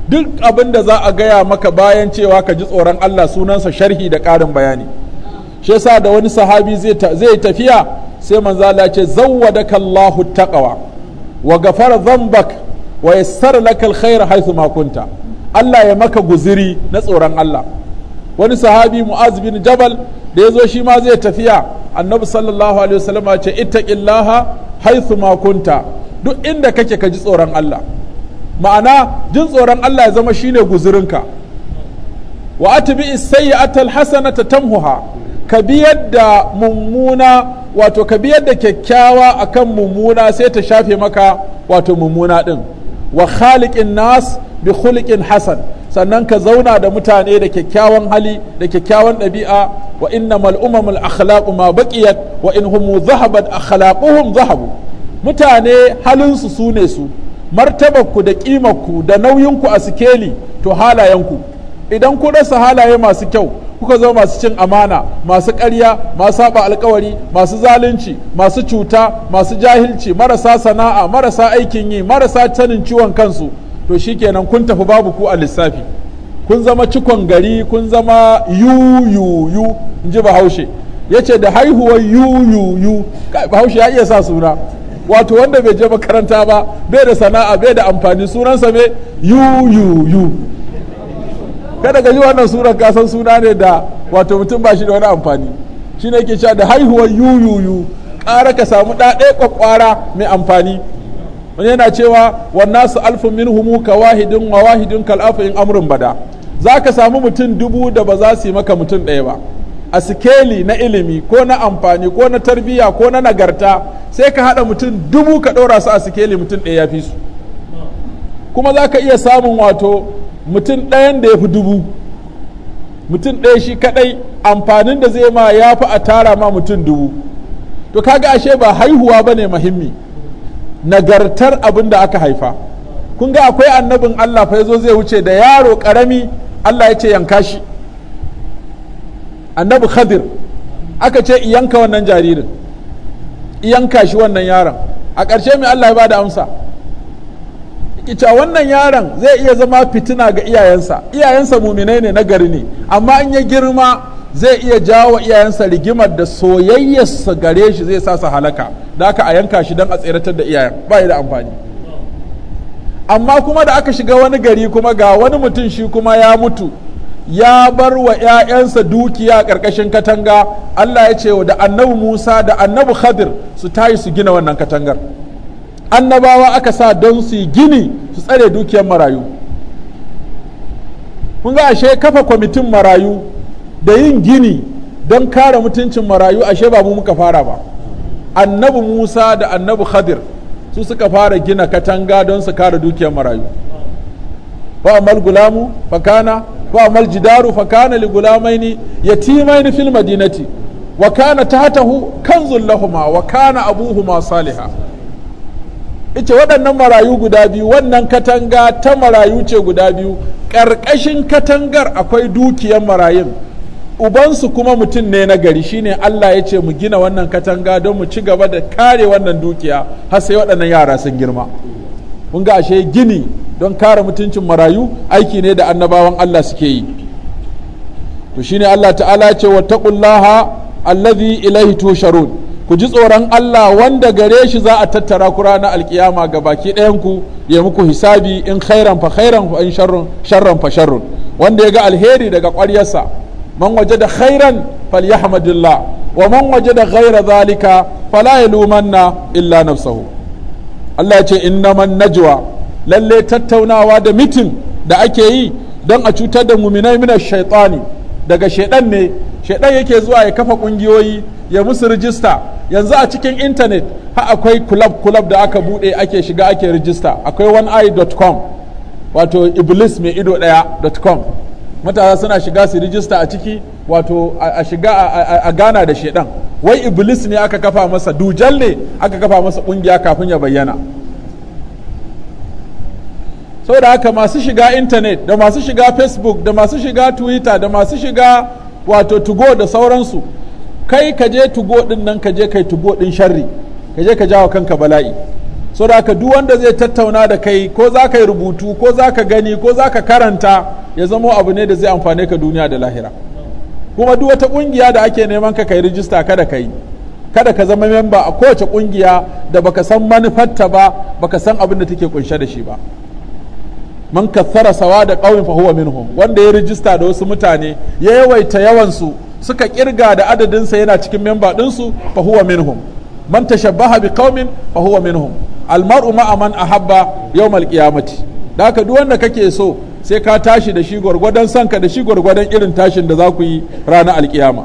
duk abin da za a gaya maka bayan cewa ka ji tsoron Allah sunansa sharhi da ƙarin bayani shi yasa da wani sahabi zai tafiya sai manzo Allah ce zawwadaka Allahu taqwa wa ghafara dhanbak wa yassara lakal khair haythu ma kunta Allah ya maka guziri na tsoron Allah wani sahabi Mu'az bin Jabal da yazo shi ma zai tafiya annabi sallallahu alaihi wasallam ce ittaqillaha haythu ma kunta duk inda kake ka ji tsoron Allah ma'ana jin tsoron Allah ya zama shine guzurinka wa atbi as-sayyi'ata al-hasanata tamhuha ka biyar da mummuna wato ka biyar da kyakkyawa akan mummuna sai ta shafe maka wato mummuna din wa khaliqin nas bi khuliqin hasan sannan ka zauna da mutane da kyakkyawan hali da kyakkyawan ɗabi'a wa innamal umamul akhlaqu ma baqiyat wa in hum dhahabat akhlaquhum zahabu mutane halinsu su ne su martabarku da ƙimarku da nauyinku a sikeli to halayenku idan ku rasa halaye masu kyau kuka zama masu cin amana masu ƙarya masu haɓa alkawari masu zalunci masu cuta masu jahilci marasa sana'a marasa aikin yi marasa sanin ciwon kansu to shi shikenan kun tafi babu ku a lissafi kun zama cikon gari kun zama yuyuyu in ji bahaushe ya ce da haihuwar yuyuyu bahaushe ya iya sa suna wato wanda bai je makaranta ba bai da sana'a bai da amfani sunansa me yu yu yu kada ga yi wannan sunan kasan suna ne da wato mutum ba shi da wani amfani shi ne ke cewa da haihuwar yu yu yu ƙara ka samu ɗaɗe kwakwara mai amfani wani yana cewa wannan su alfin min humu ka wahidin wa wahidin kal'afa in amurin bada za ka samu mutum dubu da ba za su yi maka mutum ɗaya ba a sikeli na ilimi ko na amfani ko na tarbiyya ko na nagarta sai ka haɗa mutum dubu ka ɗora su a sikeli mutum ɗaya ya fi su kuma za ka iya samun wato mutum ɗayan da ya fi dubu mutum ɗaya shi kaɗai amfanin da zai ma ya fi a tara ma mutum dubu to kaga ashe ba haihuwa ba ne muhimmi nagartar abin da aka haifa kun ga akwai annabin allah fa yazo zai wuce da yaro ƙarami allah ya ce yanka shi annabi khadir aka ce iyanka wannan jaririn iyanka shi wannan yaron a ƙarshe mai Allah ya ba da amsa ita wannan yaron zai iya zama fitina ga iyayensa iyayensa muminai ne na gari ne amma in ya girma zai iya jawo iyayensa rigimar da soyayyarsa gare shi zai sa su halaka da aka a yanka shi don a tseratar da iyayen ba da amfani amma kuma da aka shiga wani gari kuma ga wani mutum shi kuma ya mutu ya bar wa 'ya'yansa dukiya ƙarƙashin katanga Allah ya ce da annabi Musa da annabi Khadir su tayi su gina wannan katangar annabawa aka sa don su yi gini su tsare dukiyar marayu kun ga ashe kafa kwamitin marayu da yin gini don kare mutuncin marayu ashe ba mu muka fara ba annabi Musa da annabi Khadir su suka fara gina katanga don su kare dukiyar marayu ba amal gulamu fakana wa jidaru fa kana li gulamaini yatimaini fil madinati wa kana tahtahu kanzul lahuma wa kana abuhuma saliha ita waɗannan marayu guda biyu wannan katanga ta marayu ce guda biyu ƙarƙashin katangar akwai dukiyar marayun ubansu kuma mutum ne na gari shine Allah ya ce mu gina wannan katanga don mu ci gaba da kare wannan dukiya har sai waɗannan yara sun girma kun ga ashe gini don kare mutuncin marayu aiki ne da annabawan Allah suke yi to shine Allah ta'ala ce wa taqullaha allazi ilaihi tusharun ku ji tsoron Allah wanda gare shi za a tattara ku ranar alkiyama ga baki ɗayanku ya muku hisabi in khairan fa khairan fa in sharrun sharran fa sharrun wanda ya ga alheri daga ƙwaryarsa man waje da khairan falyahmadillah wa man waje da ghaira zalika fala yalumanna illa nafsahu Allah ya ce innaman najwa lalle tattaunawa da mitin da ake yi don a cutar da muminai mina shaitani daga shaidan ne shaidan yake zuwa ya kafa kungiyoyi ya musu rijista yanzu a cikin intanet ha akwai kulab kulab da aka bude ake shiga ake rijista akwai oneeye.com wato iblis mai ido daya.com matasa suna shiga su rijista a ciki wato a shiga a gana da shaidan wai iblis ne aka kafa masa dujal ne aka kafa masa kungiya kafin ya bayyana da haka masu shiga intanet da masu shiga facebook da masu shiga twitter da masu shiga wato tugo da sauransu kai ka je tugo din nan ka je kai tugo din sharri ka je ka jawo kanka bala'i saboda haka duk wanda zai tattauna da kai ko za ka yi rubutu ko za ka gani ko za ka karanta ya zamo abu ne da zai amfane ka duniya da lahira kuma duk wata kungiya da ake neman ka kai rijista kada ka yi kada ka zama memba a kowace kungiya da baka san manufarta ba baka san abin da take kunshe da shi ba man kathara sawa da qaumin fa huwa minhum wanda ya rijista da wasu mutane ya yawaita yawan su suka kirga da adadin sa yana cikin memba din su fa huwa minhum man tashabbaha bi qaumin fa huwa minhum al mar'u ma'a man ahabba yawm al qiyamati da duk wanda kake so sai ka tashi da shi gwargwadon sanka da shi gwargwadon irin tashin da za ku yi ranar alkiyama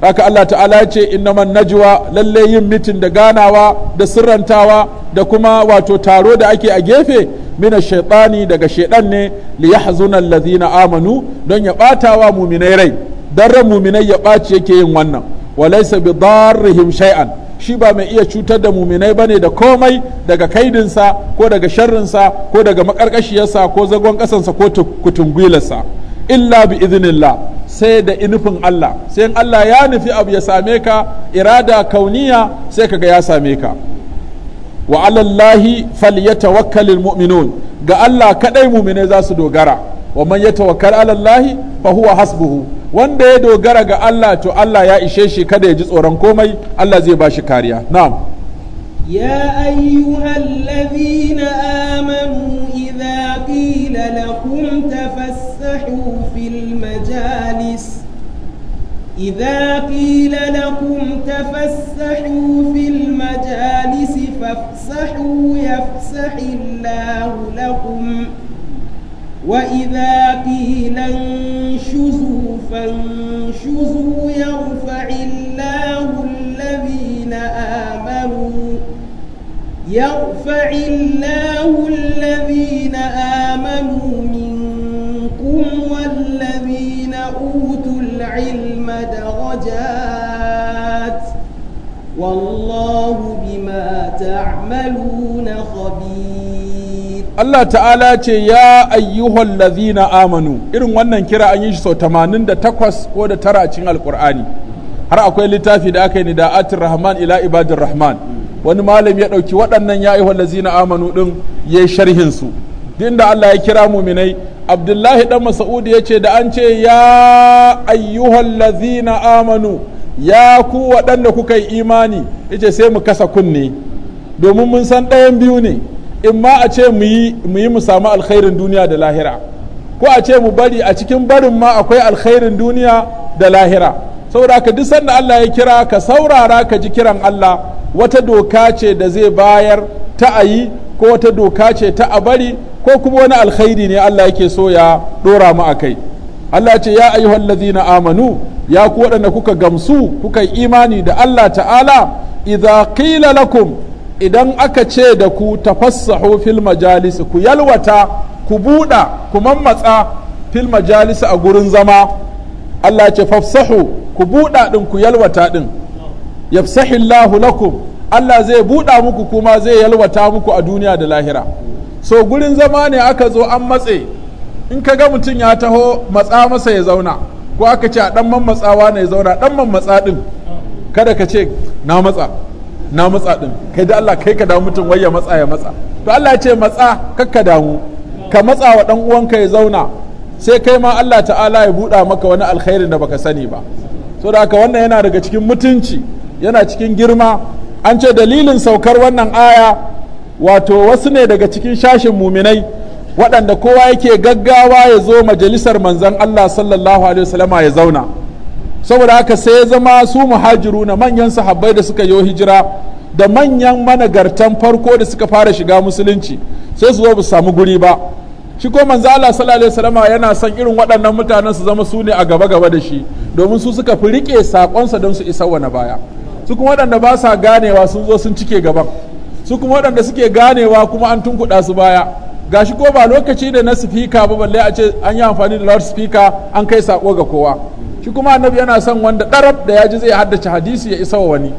haka Allah ta'ala ce na najwa lalle yin mitin da ganawa da sirrantawa da kuma wato taro da ake a gefe mina shaitani daga shaidan ne li yahzuna allazina amanu don ya bata wa muminai rai dan ran muminai ya ɓaci yake yin wannan walaysa bi darrihim shay'an shi ba mai iya cutar da muminai ba ne da komai daga kaidinsa ko daga sharrinsa ko daga makarkashiyarsa ko zagon kasansa ko kutungwilarsa illa bi iznillah sai da inufin Allah sai in Allah ya nufi abu ya same ka irada kauniya sai kaga ya same ka wa alallahi tawakkalin mu'minun ga Allah kaɗai muminai za su dogara wa man yatawakkal alallahi fa huwa hasbuhu wanda ya dogara ga Allah to Allah ya ishe shi kada ya ji tsoron komai Allah zai ba shi kariya na'am ya ayyuhal ladina amanu idza qila lakum tafassahu fil majalis idza qila lakum tafassahu fil majalis fafsahu yafsahillahu lakum وإذا قيل انشزوا فانشزوا يرفع الله الذين آمنوا يرفع الله الذين آمنوا منكم والذين أوتوا العلم درجات والله بما تعملون خبير Allah ta'ala ce ya ayyuhal lazina amanu irin wannan kira an yi shi sau 88 ko da tara a cikin alkur'ani har akwai littafi da aka yi nida'atir rahman ila ibadir rahman wani malami ya ɗauki waɗannan ya ayyuhal lazina amanu ɗin ya yi sharhin su din da Allah ya kira muminai abdullahi dan mas'ud ya ce da an ce ya ayyuhal lazina amanu ya ku waɗanda kuka yi imani ce sai mu kasa kunne domin mun san ɗayan biyu ne in ma a ce mu yi mu samu alkhairin duniya da lahira ko a ce mu bari a cikin barin ma akwai alkhairin duniya da lahira saboda ka duk sanda Allah ya kira ka saurara ka ji kiran Allah wata doka ce da zai bayar ta a yi ko wata doka ce ta a bari ko kuma wani alkhairi ne Allah yake so ya dora mu akai Allah ce ya ayyuhal ladzina amanu ya ku waɗanda kuka gamsu kuka imani da Allah ta'ala idza qila lakum idan aka ce da ku tafassahu fil majalisi ku yalwata ku buɗa ku mammatsa fil majalisi a gurin zama Allah ce fafsahu ku buɗa ɗin ku yalwata ɗin yafsahillahu lakum Allah zai buɗa muku kuma zai yalwata muku a duniya da lahira so gurin zama ne aka zo an matse in ka ga mutum ya taho matsa masa ya zauna ko aka ce a ɗan mammatsawa ne ya zauna ɗan mammatsa ɗin kada ka ce na matsa na matsa din kai da Allah kai ka damu mutum wai ya matsa ya matsa to Allah ya ce matsa kakka damu ka matsa wa dan uwanka ya zauna sai kai ma Allah ta'ala ya buɗa maka wani alkhairi da baka sani ba so da haka wannan yana daga cikin mutunci yana cikin girma an ce dalilin saukar wannan aya wato wasu ne daga cikin shashin muminai waɗanda kowa yake gaggawa ya zo majalisar manzon Allah sallallahu alaihi wasallama ya zauna saboda haka sai ya zama su muhajiru na manyan sahabbai da suka yi hijira da manyan managartan farko da suka fara shiga musulunci sai su zo ba samu guri ba shi ko manzo Allah sallallahu alaihi wasallam yana son irin waɗannan mutanen su zama su ne a gaba gaba da shi domin su suka fi rike sa don su isa wani baya su kuma waɗanda ba sa ganewa sun zo sun cike gaban su kuma waɗanda suke ganewa kuma an tunkuɗa su baya gashi ko ba lokaci da na sifika ba balle a ce an yi amfani da loudspeaker an kai sako ga kowa shi kuma annabi yana son wanda ɗarab da ya ji zai haddace hadisi ya isa wa wani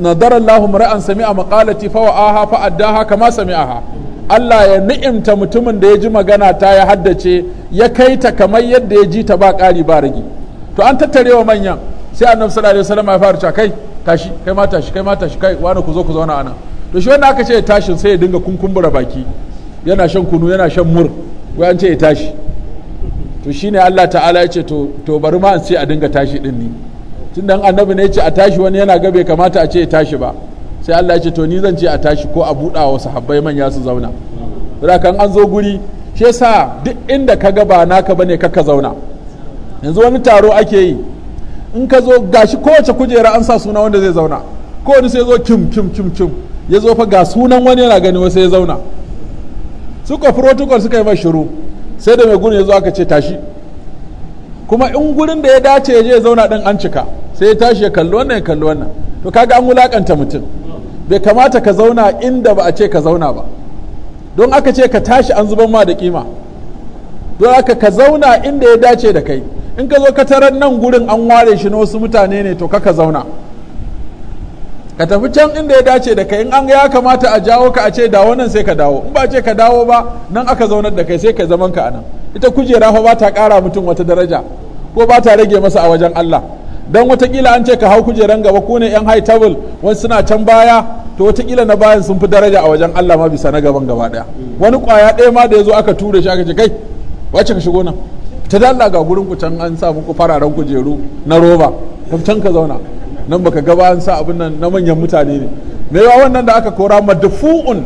nadar Allahu ra'an sami'a maqalati fa wa'aha fa addaha kama sami'aha Allah ya ni'imta mutumin da ya ji magana ta ya haddace ya kai ta kamar yadda ya ji ta ba ƙari ba ragi to an tattare wa manyan sai annabi sallallahu alaihi wasallam ya fara cewa kai tashi kai ma tashi kai ma tashi kai wani ku zo ku zauna ana to shi wanda aka ce ya tashin sai ya dinga kunkumbura baki yana shan kunu yana shan mur wai an ce ya tashi to shine Allah ta'ala ya ce to bari ma sai a dinga tashi din ni tun dan annabi ne ya ce a tashi wani yana ga bai kamata a ce ya tashi ba sai Allah ya ce to ni zan ce a tashi ko a buɗa wa sahabbai manya su zauna kan an zo guri shi yasa duk inda ka ga ba naka bane ka ka zauna yanzu wani taro ake yi in ka zo gashi kowace kujera an sa suna wanda zai zauna ko wani sai zo kim kim kim kim ya zo fa ga sunan wani yana gani wasu ya zauna suka protocol suka yi mai shiru sai da mai gurin ya zo aka ce tashi kuma in gurin da ya dace ya je ya zauna ɗin an cika sai ya tashi ya kalli wannan ya kalli wannan to kaga an wulakanta mutum bai kamata ka zauna inda ba a ce ka zauna ba don aka ce ka tashi an zuban ma da kima don aka ka zauna inda ya dace da kai in ka zo ka tarar nan gurin an ware shi na wasu mutane ne to kaka ka zauna ka tafi can inda ya dace da kai in an ya kamata a jawo ka a ce dawo nan sai ka dawo in ba ce ka dawo ba nan aka zaunar da kai sai ka zaman ka anan ita kujera fa ba ta kara mutum wata daraja ko ba ta rage masa a wajen Allah dan watakila an ce ka hau kujeran gaba ko ne yan high table wani suna can baya to watakila na bayan sun fi daraja a wajen Allah ma bisa na gaban gaba daya wani kwaya ɗaya ma da ya zo aka tura shi aka ce kai wace ka shigo nan ta dalla ga gurin ku can an sa muku fararen kujeru na roba can ka zauna nan baka gaba an sa abin nan na manyan mutane ne me yawa wannan da aka kora madfu'un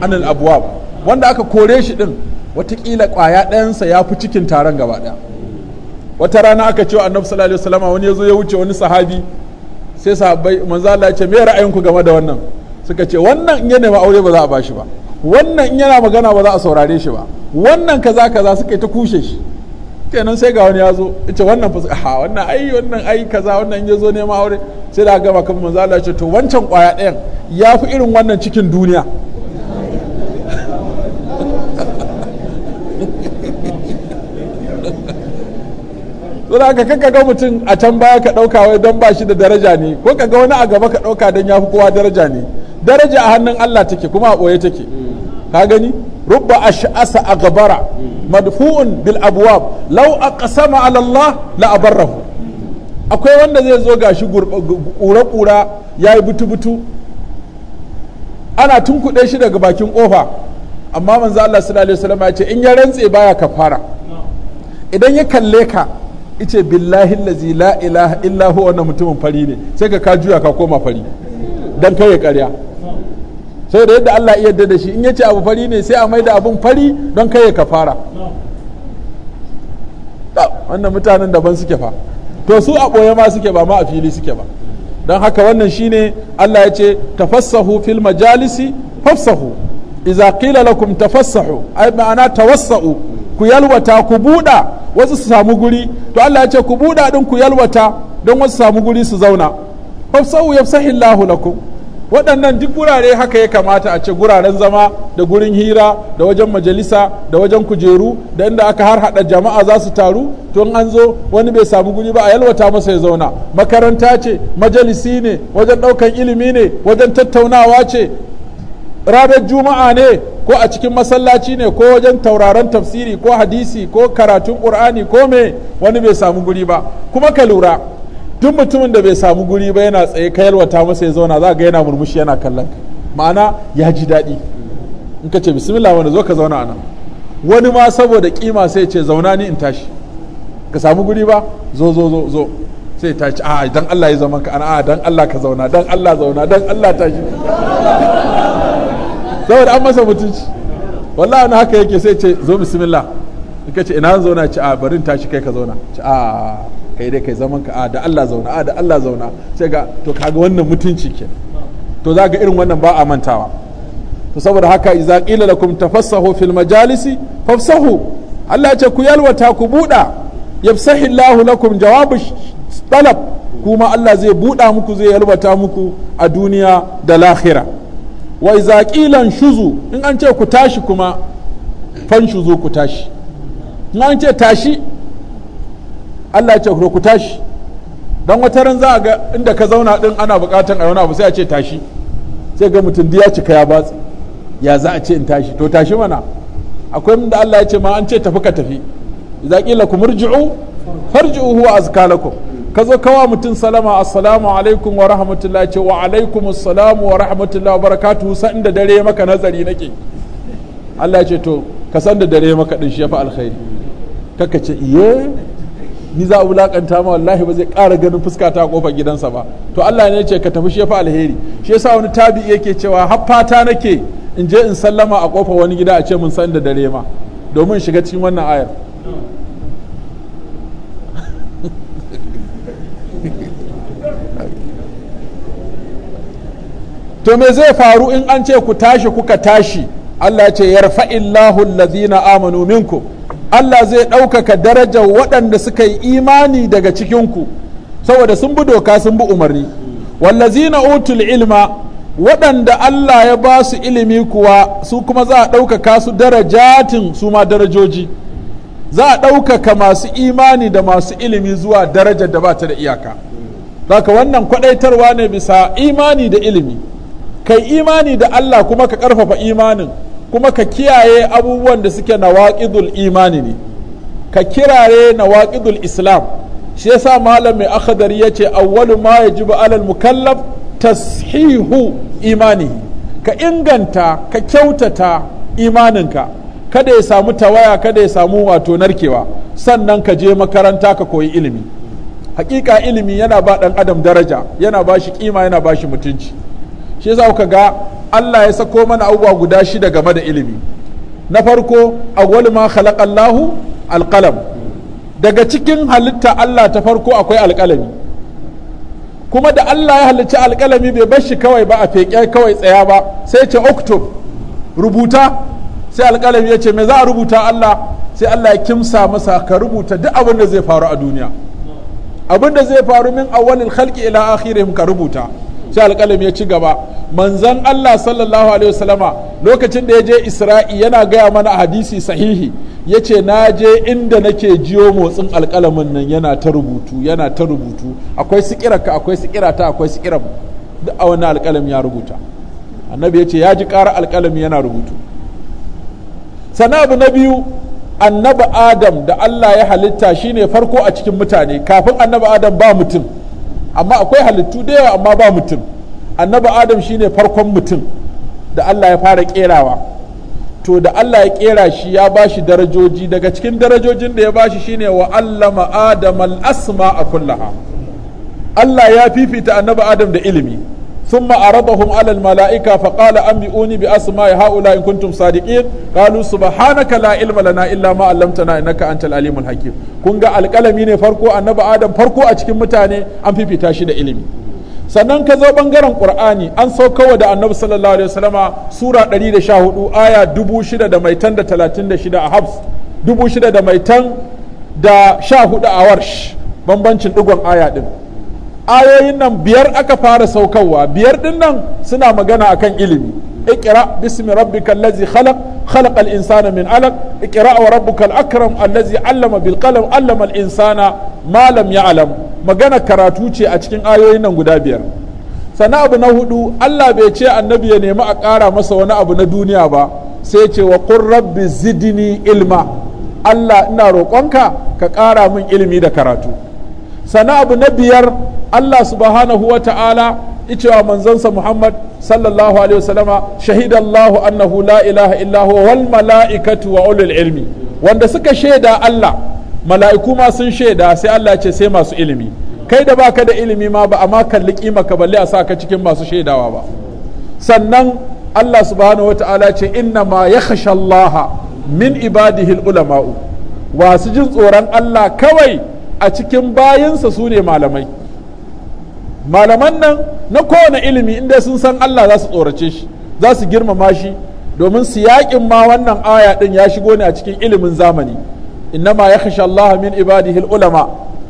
anil abwab wanda aka kore shi din watakila kwaya ɗayansa ya fi cikin taron gaba ɗaya wata rana aka ce annabi sallallahu alaihi wasallam wani yazo ya wuce wani sahabi sai sahabbai manzo Allah ya ce me ra'ayinku game da wannan suka ce wannan in ya nemi aure ba za a bashi ba wannan in yana magana ba za a saurare shi ba wannan kaza kaza suka yi ta kushe shi kenan sai ga wani ya zo ita wannan fuska ha wannan ai wannan ai kaza wannan ya zo neman aure sai da gama kan manzo Allah ce to wancan kwaya ɗayan ya fi irin wannan cikin duniya to da ka ga mutum a can baya ka ɗauka wai don ba shi da daraja ne ko ka ga wani a gaba ka ɗauka don ya fi kowa daraja ne daraja a hannun Allah take kuma a boye take ka gani رب أشأس أغبر مدفوع بالأبواب لو أقسم على الله لأبره akwai wanda zai zo gashi ƙura-ƙura ya yi butu-butu ana tunkuɗe shi daga bakin ƙofa amma manzo Allah sallallahu alaihi ya ce in ya rantse baya kafara idan ya kalle ka ice billahi lazi la ilaha illa huwa wannan mutumin fari ne sai ka ka juya ka koma fari dan kai ya ƙarya sai da yadda Allah iya da shi in ya ce abu fari ne sai a da abun fari don kai ya kafara wannan mutanen daban suke fa to su a ɓoye ma suke ba ma a fili suke ba don haka wannan shine Allah ya ce tafassahu fil majalisi fafsahu iza qila lakum tafassahu ai ma'ana tawassa'u ku yalwata ku buɗa wasu su samu guri to Allah ya ce ku buɗa din ku yalwata don wasu samu guri su zauna fafsahu yafsahillahu lakum waɗannan duk gurare haka ya kamata a ce guraren zama da gurin hira da wajen majalisa da wajen kujeru da inda aka har hada jama'a za su taru to an zo wani bai samu guri ba a yalwata masa ya zauna makaranta ce majalisi ne wajen ɗaukan ilimi ne wajen tattaunawa ce ranar juma'a ne ko a cikin masallaci ne ko wajen tauraron tafsiri ko hadisi ko karatun ƙur'ani ko me wani bai samu guri ba kuma ka lura duk mutumin da bai samu guri ba yana tsaye ka yalwata masa ya zauna za ga yana murmushi yana kallon ma'ana ya ji daɗi in ka ce bismillah wani zo ka zauna anan wani ma saboda kima sai ce zauna ni in tashi ka samu guri ba zo zo zo zo sai ta ci a dan Allah ya zaman ka ana a dan Allah ka zauna dan Allah zauna dan Allah tashi saboda an masa mutunci wallahi na haka yake sai ce zo bismillah in ka ce ina zauna ci a barin tashi kai ka zauna ci a kai dai kai zaman ka a da Allah zauna a da Allah zauna sai ga to kaga wannan mutunci ke to za ga irin wannan ba a mantawa to saboda haka iza qila lakum tafassahu fil majalisi fafsahu Allah ya ce ku yalwata ku buda yafsahi Allahu lakum jawabu talab kuma Allah zai buda muku zai yalwata muku a duniya da lahira wa idza qila shuzu in an ce ku tashi kuma fan fanshuzu ku tashi in an ce tashi Allah ya ce ku tashi don wata ran za a ga inda ka zauna din ana bukatan a wani abu sai a ce tashi sai ga mutum ya cika ya batsi ya za a ce in tashi to tashi mana akwai da Allah ya ce ma an ce tafi ka tafi idza qila kum irji'u farji'u huwa azka lakum ka zo kawa mutum salama assalamu alaikum wa rahmatullah ce wa alaikum assalamu wa rahmatullah wa barakatuhu san da dare maka nazari nake Allah ya ce to ka san da dare maka din shi ya yafi alkhairi kaka ce iye ni za a wulakanta ma wallahi ba zai ƙara ganin fuska ta kofar gidansa ba to Allah ne ce ka tafi shi fa alheri shi yasa wani tabi yake cewa har fata nake in je in sallama a kofar wani gida a ce mun san da dare ma domin shiga cikin wannan ayar to me zai faru in an ce ku tashi kuka tashi Allah ce yarfa'illahu allazina amanu minkum Allah zai ɗaukaka darajar waɗanda suka yi imani daga cikinku saboda sun bi doka sun bi umarni wallazina utul ilma waɗanda Allah ya ba su ilimi kuwa su kuma za a ɗaukaka su darajatin su ma darajoji za a ɗaukaka masu imani da masu ilimi zuwa darajar da ba ta da iyaka ka wannan kwaɗaitarwa ne bisa imani da ilimi kai imani da Allah kuma ka ƙarfafa imanin kuma ka kiyaye abubuwan da suke nawaqidul imani ne ka kirare nawaqidul islam shi yasa malam mai ya ce awwalu ma ya yajibu alal mukallaf tashihu imani ka inganta ka kyautata imaninka kada ya samu tawaya kada ya samu wato narkewa sannan ka je makaranta ka koyi ilimi hakika ilimi yana ba ɗan adam daraja yana ba shi ƙima yana ba shi mutunci shi yasa ka ga Allah ya sako mana abubuwa guda shida game da ilimi na farko awwal ma Allahu alqalam daga cikin halitta Allah ta farko akwai alƙalami kuma da Allah ya halicci alƙalami bai bar shi kawai ba a feƙe kawai tsaya ba sai ce oktob rubuta sai alƙalami ya ce me za a rubuta Allah sai Allah ya kimsa masa ka rubuta duk abin da zai faru a duniya abin da zai faru min awwalil khalqi ila akhirihim ka rubuta sai alƙalam ya ci gaba manzan Allah sallallahu alaihi wasallama lokacin da ya je Isra'i yana gaya mana hadisi sahihi ya ce na je inda nake jiyo motsin alƙalamin nan yana ta rubutu yana ta rubutu akwai sikira ka akwai sikira ta akwai sikira duk a wani alƙalam ya rubuta annabi ya ce ya ji ƙara alƙalam yana rubutu sana abu na biyu annabi adam da Allah ya halitta shine farko a cikin mutane kafin annabi adam ba mutum amma akwai halittu da yawa amma ba mutum annabi adam shine farkon mutum da Allah ya fara kerawa to da Allah ya kera shi ya ba shi darajoji daga cikin darajojin da ya ba shi shine wa allama adam al asma a kullaha Allah ya fifita annabi adam da ilimi ثم عرضهم على الملائكة فقال أنبئوني بأسماء هؤلاء إن كنتم صادقين قالوا سبحانك لا علم لنا إلا ما علمتنا إنك أنت العليم الحكيم كونغا القلمي ne farko annabi adam farko a cikin mutane an fifita shi da ilimi sannan ka zo bangaren qur'ani an saukawa da annabi sallallahu alaihi wasallama sura 114 aya 6,036 a habs 6,000 da a warsh bambancin digon aya din ayoyin nan biyar aka fara saukarwa biyar din nan suna magana akan ilimi اقرأ باسم ربك الذي خلق خلق الإنسان من علق اقرأ وربك الأكرم الذي علم بالقلم علم الإنسان ما لم يعلم karatu ce a cikin ayoyin nan guda biyar sana abu na hudu Allah bai ce annabi ya nemi a ƙara masa wani abu na duniya ba sai ce wa qur rabbi Allah ina roƙonka ka ƙara min ilimi da karatu sana abu na biyar Allah subhanahu wa ta'ala icewa manzansa Muhammad sallallahu alaihi wasallama shahidallahu annahu la ilaha illa wal mala'ikatu wa ulul ilmi wanda suka shaida Allah mala'iku ma sun shaida sai Allah ce sai masu ilimi kai da baka da ilimi ma ba amma kalli kima ka balle a sa ka cikin masu shaidawa ba sannan Allah subhanahu ta'ala ce inna ma ya Allah min ibadihi ulama'u wasu jin tsoron Allah kawai a cikin bayansa su ne malamai malaman nan na kowane ilimi inda sun san Allah za su tsorace shi za su girmama shi domin su yaƙin ma wannan aya ɗin ya shigo ne a cikin ilimin zamani innama ya kashe Allah min ibadihi ulama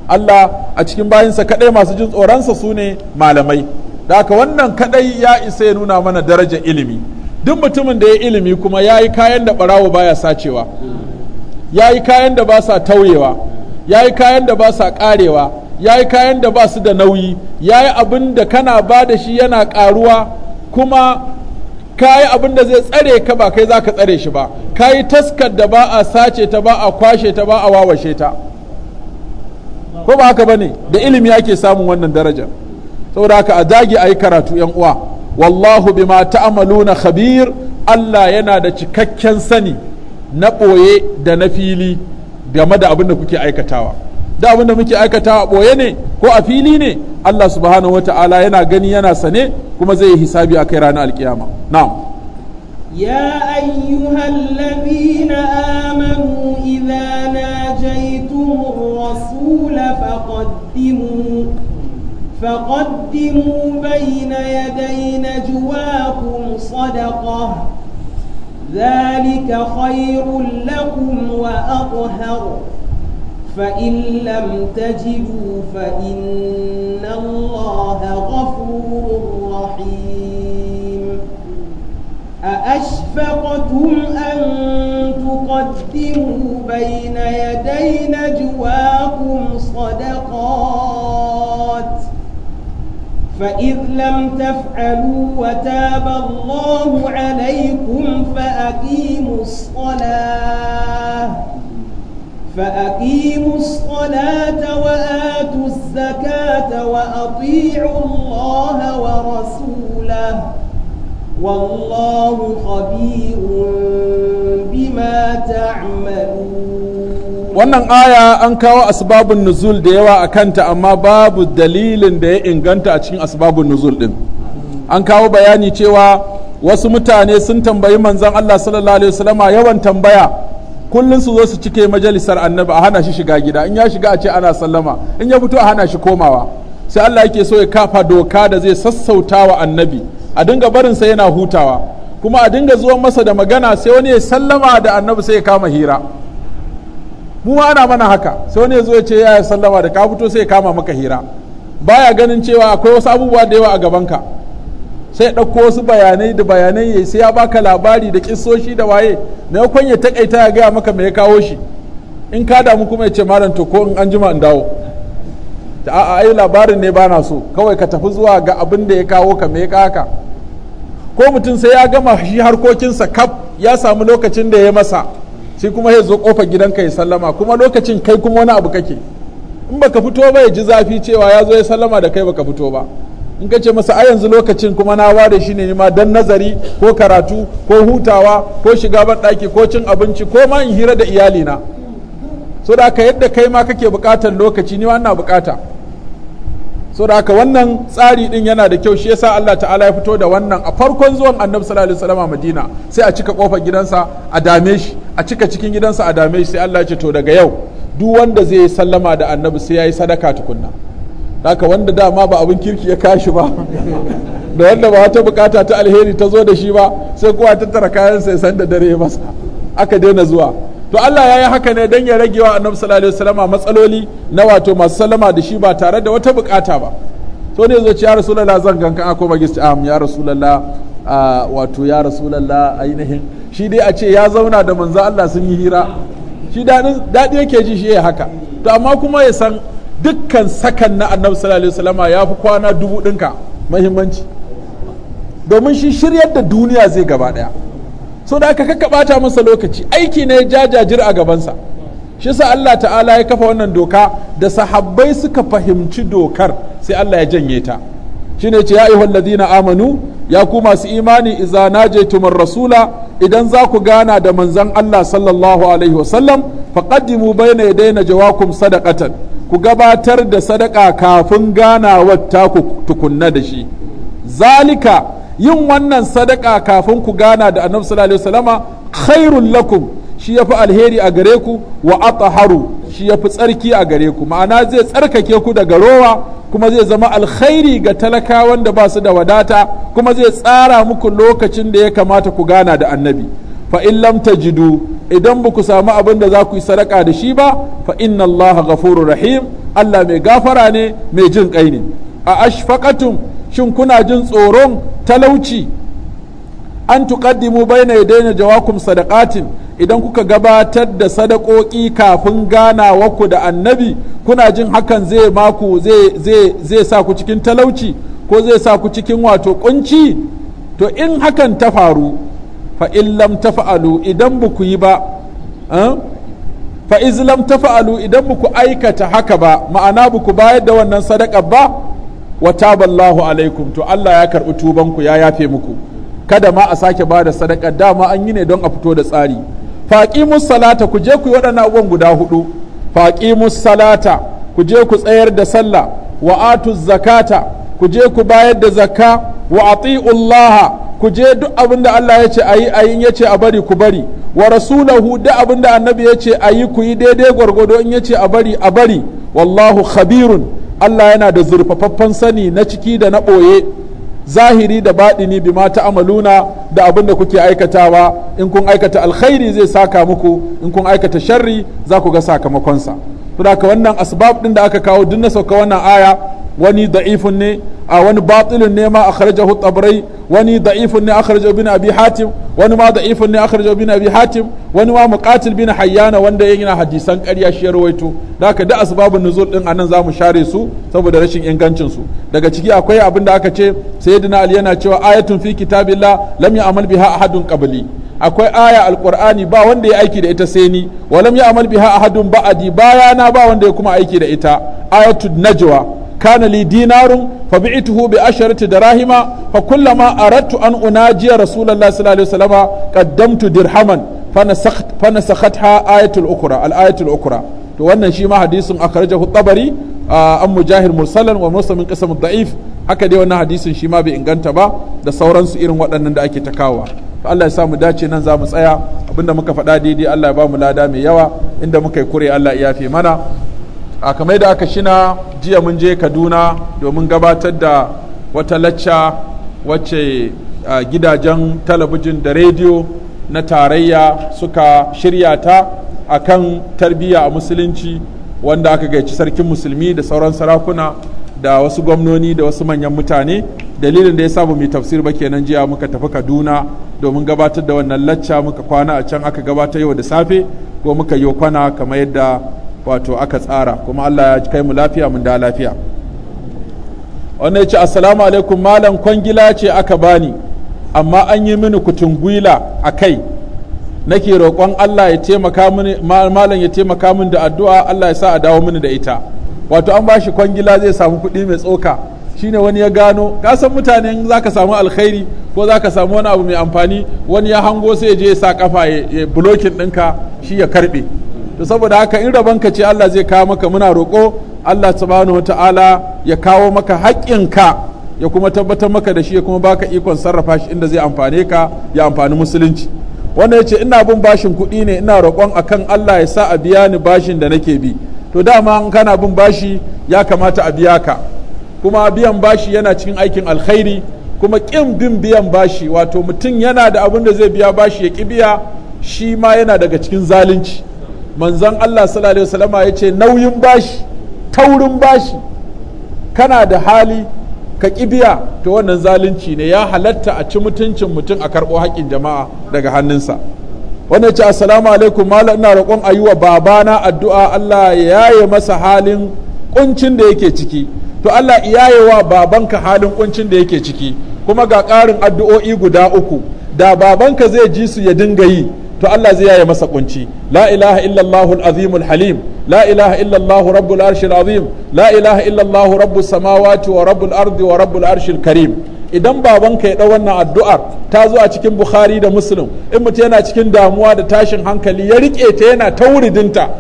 Allah a cikin bayinsa kaɗai masu jin tsoronsa su ne malamai da haka wannan kaɗai ya isa ya nuna mana darajar ilimi duk mutumin da ya ilimi kuma ya yi kayan da ɓarawo baya sacewa ya yi kayan da ba sa tauyewa ya yi kayan da ba sa ƙarewa ya yi kayan da ba su da nauyi ya yi abin da kana ba da shi yana karuwa kuma ka yi abin da zai tsare ka ba kai za ka tsare shi ba ka yi taskar da ba a sace ta ba a kwashe ta ba a wawashe ta ko ba haka ba ne da ilimi ake samun wannan darajar saboda haka a dage a yi karatu yan uwa wallahu bima ta'maluna khabir Allah yana da cikakken sani na ɓoye da na fili game da abin da kuke aikatawa da abinda muke aikata a ɓoye ne ko a fili ne Allah subhanahu wa ta'ala yana gani yana sane kuma zai yi hisabi a kai ranar alkiyama na. ya ayyuhan ladina amanu idza najaitum rasula faqaddimu faqaddimu baina yadayna juwakum sadaqa dhalika khairul lakum wa aqhar فإن لم تجدوا فإن الله غفور رحيم أأشفقتم أن تقدموا بين يدي نجواكم صدقات فإذ لم تفعلوا وتاب الله عليكم فأقيموا الصلاة فأقيموا الصلاة وآتوا الزكاة وأطيعوا الله ورسوله والله خبير بما تعملون wannan aya an kawo asbabun nuzul da yawa a kanta amma babu dalilin da ya inganta a cikin asbabun nuzul din an kawo bayani cewa wasu mutane sun tambayi manzon Allah sallallahu alaihi wasallama yawan tambaya kullum su zo su cike majalisar annabi a hana shi shiga gida in ya shiga a ce ana sallama in ya fito a hana shi komawa sai Allah yake so ya kafa doka da zai sassauta wa annabi a dinga barin sa yana hutawa kuma a dinga zuwa masa da magana sai wani ya sallama da annabi sai ya kama hira mu ma ana mana haka sai wani ya zo ya ce ya sallama da ka fito sai ya kama maka hira baya ganin cewa akwai wasu abubuwa da yawa a gaban ka. sai ɗauko wasu bayanai da bayanai ya sai ya baka labari da kisoshi da waye na kwan ya takaita ya gaya maka mai ya kawo shi in ka damu kuma ya ce malam to ko in an jima in dawo ta a ai labarin ne bana so kawai ka tafi zuwa ga abin da ya kawo ka mai kaka ko mutum sai ya gama shi harkokinsa kaf ya samu lokacin da ya masa sai kuma ya zo kofa gidanka ya sallama kuma lokacin kai kuma wani abu kake in baka fito ba ya ji zafi cewa ya zo ya sallama da kai baka fito ba in ka ce masa a yanzu lokacin kuma na ware shi ne ma don nazari ko karatu ko hutawa ko shiga ban ɗaki ko cin abinci ko ma in hira da iyalina so da aka yadda kai ma kake buƙatar lokaci ni wannan buƙata so da aka wannan tsari din yana da kyau shi yasa Allah ta'ala ya fito da wannan a farkon zuwan annabi sallallahu alaihi wasallam a Madina sai a cika kofar gidansa a dame shi a cika cikin gidansa a dame shi sai Allah ya ce to daga yau duk wanda zai sallama da annabi sai yayi sadaka tukunna haka wanda dama ba abin kirki ya kashi ba da wanda ba wata bukata ta alheri ta zo da shi ba sai kowa tattara kayan sai san da dare masa aka daina zuwa to Allah ya yi haka ne don ya rage wa annabi sallallahu alaihi wasallam matsaloli na wato masu salama da shi ba tare da wata bukata ba to ne zo ce ya rasulullah zan ganka a koma gisti am ya rasulullah wato ya rasulullah ainihin shi dai a ce ya zauna da manzo Allah sun yi hira shi dadi yake ji shi haka to amma kuma ya san dukkan sakan na annabi sallallahu alaihi wasallama ya fi kwana dubu ɗinka mahimmanci domin shi shiryar da duniya zai gaba ɗaya so da aka kakka ɓata masa lokaci aiki ne jajajir a gabansa shi sa Allah ta'ala ya kafa wannan doka da sahabbai suka fahimci dokar sai Allah ya janye ta shine ce ya ayyuhal ladina amanu ya ku masu imani idza tumar rasula idan za ku gana da manzon Allah sallallahu alaihi wasallam faqaddimu bayna yadayna jawakum sadaqatan ku gabatar da sadaka kafin ganawar ta tukunna da shi zalika yin wannan sadaka kafin ku gana da annabi sallallahu alaihi khairul lakum shi yafi alheri a gare ku wa atharu shi yafi tsarki a gare ku ma'ana zai tsarkake ku daga rowa kuma zai zama alkhairi ga talakawan da ba su da wadata kuma zai tsara muku lokacin da ya kamata ku gana da annabi fa in lam tajidu idan ba ku samu abin da za ku yi sadaka da shi ba fa inna allaha ghafurur rahim Allah mai gafara ne mai jin kai ne a ashfaqatum shin kuna jin tsoron talauci an tuqaddimu baina yadayna jawakum sadaqatin idan kuka gabatar da sadakoki kafin ganawa ku da annabi kuna jin hakan zai maku zai zai zai sa ku cikin talauci ko zai sa ku cikin wato kunci to in hakan ta faru fa ta tafa'alu idan ba ku yi ba eh, fa ta tafa'alu idan ba ku aikata haka ba ma'ana ba ku bayar da wannan sadaka ba Wata ballahu alaikum to Allah ya karɓi tuban ku ya yafe muku kada ma a sake ba da sadaka dama an yi ne don a fito da tsari faqimus salata ku je ku yi waɗannan abubuwan guda hudu faqimus salata ku je ku tsayar da sallah wa zakata ku je ku bayar da zakka wa ati'u ku je duk abin da Allah ya ce ayi ayin ya ce a bari ku bari wa rasulahu duk abin da annabi ya ce yi ku yi daidai gwargwado in ya ce a bari a bari wallahu khabirun Allah yana da zurfafaffen sani na ciki da na ɓoye zahiri da baɗini bi mata amaluna da abin da kuke aikatawa in kun aikata alkhairi zai saka muku in kun aikata sharri za ku ga sakamakonsa. Saboda wannan asbab ɗin da aka kawo duk na sauka wannan aya wani da'ifun ne a wani batilin ne ma akhrajahu tabrai wani da'ifin ne akhrajahu bin abi hatim wani ma da'ifin ne akhrajahu bin abi hatim wani ma muqatil bin hayyana wanda yana hadisan ƙarya shi rawaito da haka duk asbabun nuzul din anan zamu share su saboda rashin ingancin su daga ciki akwai abin da aka ce sayyidina ali yana cewa ayatun fi kitabillah lam ya'mal biha ahadun qabli akwai aya alqur'ani ba wanda ya aiki da ita sai ni wa lam ya'mal biha ahadun ba'adi bayana ba wanda ya kuma aiki da ita ayatul najwa kanali dinarun fa bi'tuhu bi asharati darahima fa kullama aradtu an unajiya rasulullahi sallallahu alaihi wasallam dirhaman fa nasakht fa nasakhatha ayatul ukra al ayatul ukra to wannan shi ma hadisin akhrajahu tabari an mujahir mursalan wa musa min qisam da'if haka dai wannan hadisin shi ma bai inganta ba da sauransu irin waɗannan da ake takawa to Allah ya sa mu dace nan za mu tsaya abinda muka faɗa daidai Allah ya bamu lada mai yawa inda muka yi kure Allah ya yafe mana a kamar da aka shina jiya mun je kaduna domin gabatar da wata lacca wacce gidajen talabijin da rediyo na tarayya suka shirya ta a kan tarbiyya a musulunci wanda aka gaici sarkin musulmi da sauran sarakuna da wasu gwamnoni da wasu manyan mutane dalilin da ya samu mai tafsir ba kenan jiya muka tafi kaduna domin gabatar da wannan lacca muka kwana a can aka gabatar yau da safe ko muka yi kwana kamar yadda wato aka tsara kuma Allah ya kai mu lafiya mun da lafiya wannan ya ce assalamu alaikum malam kwangila ce aka bani amma an yi mini kutun gwila a kai nake roƙon Allah ya taimaka mini malam ya taimaka mini da addu'a Allah ya sa a dawo mini da ita wato an bashi kwangila zai samu kuɗi mai tsoka shine wani ya gano ka san mutane za ka samu alkhairi ko za ka samu wani abu mai amfani wani ya hango sai ya je ya sa kafa ya bulokin ɗinka shi ya karɓe to saboda haka in ka ce Allah zai kawo maka muna roƙo Allah subhanahu wataala ya kawo maka haƙƙinka ya kuma tabbatar maka da shi ya kuma baka ikon sarrafa shi inda zai amfane ka ya amfani musulunci wanda yace ina bin bashin kuɗi ne ina roƙon akan Allah ya sa a biya ni bashin da nake bi to dama in kana bin bashi ya kamata a biya ka kuma biyan bashi yana cikin aikin alkhairi kuma ƙin bin biyan bashi wato mutum yana da abin da zai biya bashi ya ƙi biya shi ma yana daga cikin zalunci manzon Allah sallallahu alaihi ya ce nauyin bashi taurin bashi kana da hali ka kibiya to wannan zalunci ne ya halatta a ci mutuncin mutum a karɓo haƙƙin jama'a daga hannunsa wannan ce assalamu alaikum malam ina roƙon a yi wa babana addu'a Allah ya yaye masa halin kuncin da yake ciki to Allah ya yaye wa babanka halin kuncin da yake ciki kuma ga ƙarin addu'o'i guda uku da babanka zai ji su ya dinga yi to Allah zai yaye masa kunci la ilaha illallah al-azim al-halim la ilaha illallah rabbul arshil azim la ilaha illallah rabbus samawati wa rabbul ardi wa rabbul karim idan babanka ya ɗau wannan addu'ar ta zo a cikin bukhari da muslim in mutum yana cikin damuwa da tashin hankali ya riƙe ta yana tauridinta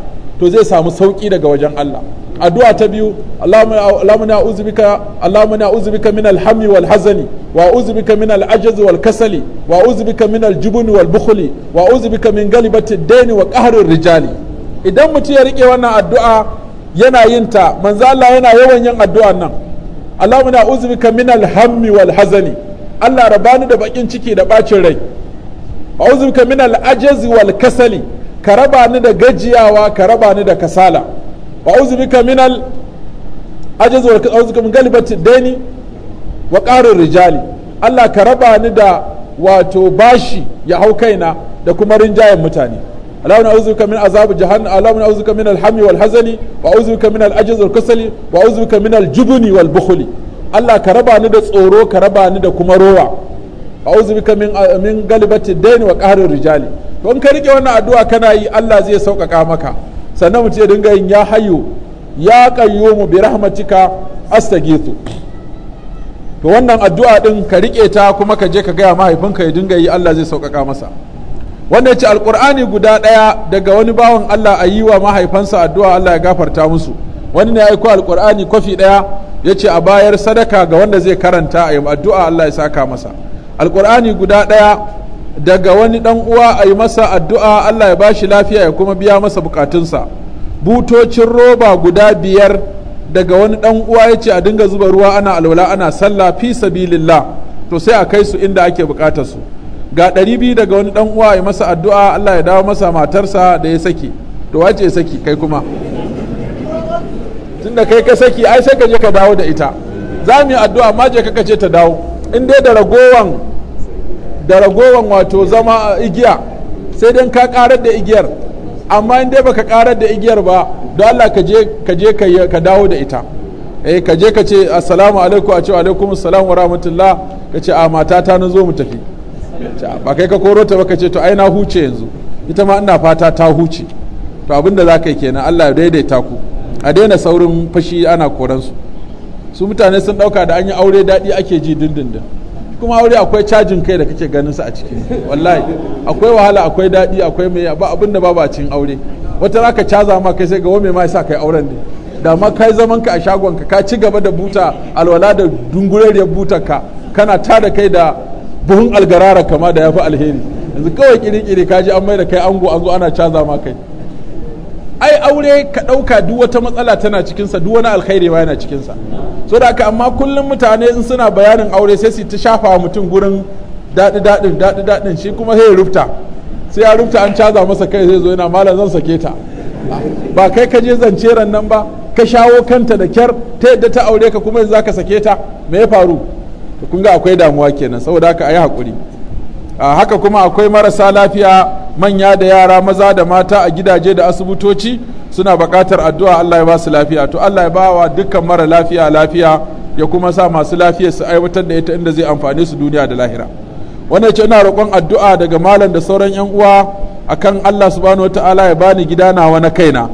to zai samu sauƙi daga wajen allah addu'a ta biyu Allahumma na'udhu bika Allahumma na'udhu bika min alhammi wal hazani wa a'udhu bika min al wal kasali wa a'udhu bika min al wal bukhli wa a'udhu bika min galibati ad wa qahri rijali idan mutum ya rike wannan addu'a yana yin ta manzo Allah yana yawan yin addu'a nan Allahumma na'udhu bika min alhammi wal hazani Allah rabani da bakin ciki da bacin rai a'udhu bika min al-ajzi wal kasali ka raba ni da gajiyawa ka raba ni da kasala wa'uzu bika min al ajaz wa a'uzu min galibati daini wa qarir rijali Allah ka raba ni da wato bashi ya hau kaina da kuma rinjayen mutane alawna a'uzu bika min azab jahannam alawna a'uzu bika min al hammi wal hazani wa'uzu min al ajaz wal kasali wa'uzu bika min al jubuni wal bukhli Allah ka raba ni da tsoro ka raba ni da kuma rowa a'uzu bika min min galibati daini wa qarir rijali don ka rike wannan addu'a kana yi Allah zai sauƙaƙa maka sannan mu ce dinga yin ya hayo ya mu bi rahmatika astaghithu to wannan addu'a din ka rike ta kuma ka je ka gaya mahaifinka ya dinga yi Allah zai sauƙaƙa masa wanda ya ce alƙur'ani guda ɗaya daga wani bawan Allah a yi wa mahaifansa addu'a Allah ya gafarta musu wani ne ya aiko alƙur'ani kwafi ɗaya ya ce a bayar sadaka ga wanda zai karanta a yi addu'a Allah ya saka masa alƙur'ani guda ɗaya daga wani dan uwa a yi masa addu'a Allah ya bashi lafiya ya kuma biya masa bukatunsa butocin roba guda biyar daga wani dan uwa ya ce a dinga zuba ruwa ana alwala ana sallah fi sabilillah to sai a kai su inda ake bukatar su ga ɗari biyu daga wani dan uwa ya masa addu'a Allah ya dawo masa matarsa da ya saki to wace ya saki kai kuma tunda kai ka saki ai sai ka je ka dawo da ita za mu yi addu'a ma je ka ce ta dawo in dai da ragowan da ragowan wato zama igiya sai dan ka karar da igiyar amma in dai baka karar da igiyar ba don Allah ka je ka je ka dawo da ita eh ka je ka ce assalamu alaikum a ce alaikum assalam wa rahmatullah ka ce a matata na zo mu tafi ba kai ka koro ta ba ka ce to ai na huce yanzu ita ma ina fata ta huce to abinda za ka yi kenan Allah ya daidaita ku a daina saurin fashi ana koransu su mutane sun dauka da an yi aure daɗi ake ji dindindin kuma aure akwai cajin kai da kake ganin sa a ciki wallahi akwai wahala akwai daɗi akwai mai ba abin da babu a cikin aure wata ka caza ma kai sai ga wame ma yasa kai auren ne da ma kai zaman ka a shagon ka ka ci gaba da buta alwala da dungureriyar butar ka kana tada kai da buhun algarara kama da yafi alheri yanzu kawai kiri-kiri ka ji an mai da kai ango an zo ana caza ma kai ai aure ka ɗauka duk wata matsala tana cikinsa duk wani alkhairi ma yana cikinsa so da haka amma kullum mutane in suna bayanin aure sai su ta shafa wa mutum gurin daɗi daɗin daɗi daɗin shi kuma sai ya rufta sai ya rufta an caza masa kai zai zo yana malam zan sake ta ba kai ka je zance ran nan ba ka shawo kanta da kyar ta yadda ta aure ka kuma zaka zaka sake ta me ya faru to kun ga akwai damuwa kenan saboda haka ayi hakuri haka kuma akwai marasa lafiya manya da yara maza da mata a gidaje da asibitoci suna bukatar addu'a Allah ya ba su lafiya to Allah ya ba wa dukkan mara lafiya lafiya ya kuma sa masu lafiya su aiwatar da ita inda zai amfane su duniya da lahira wannan ce ina roƙon addu'a daga malam da sauran yan uwa akan Allah subhanahu wataala ya bani gida nawa na kaina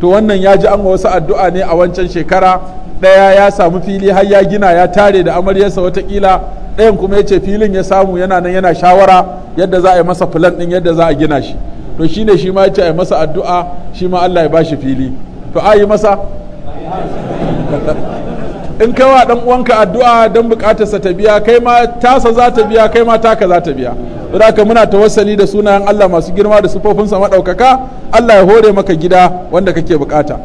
to wannan ya ji an wasu addu'a ne a wancan shekara ɗaya ya samu fili har ya gina ya tare da amaryarsa watakila ɗayan kuma ya ce filin ya samu yana nan yana shawara yadda za a yi masa filan ɗin yadda za a gina shi to ne shi ma ya ce a yi masa addu'a shi ma Allah ya bashi fili to a yi masa in kai wa dan uwanka addu'a don buƙatar sa ta biya kai ma tasa za ta biya kai ma taka za ta biya haka muna tawassali da sunayen Allah masu girma da sufofin sa madaukaka Allah ya hore maka gida wanda kake bukata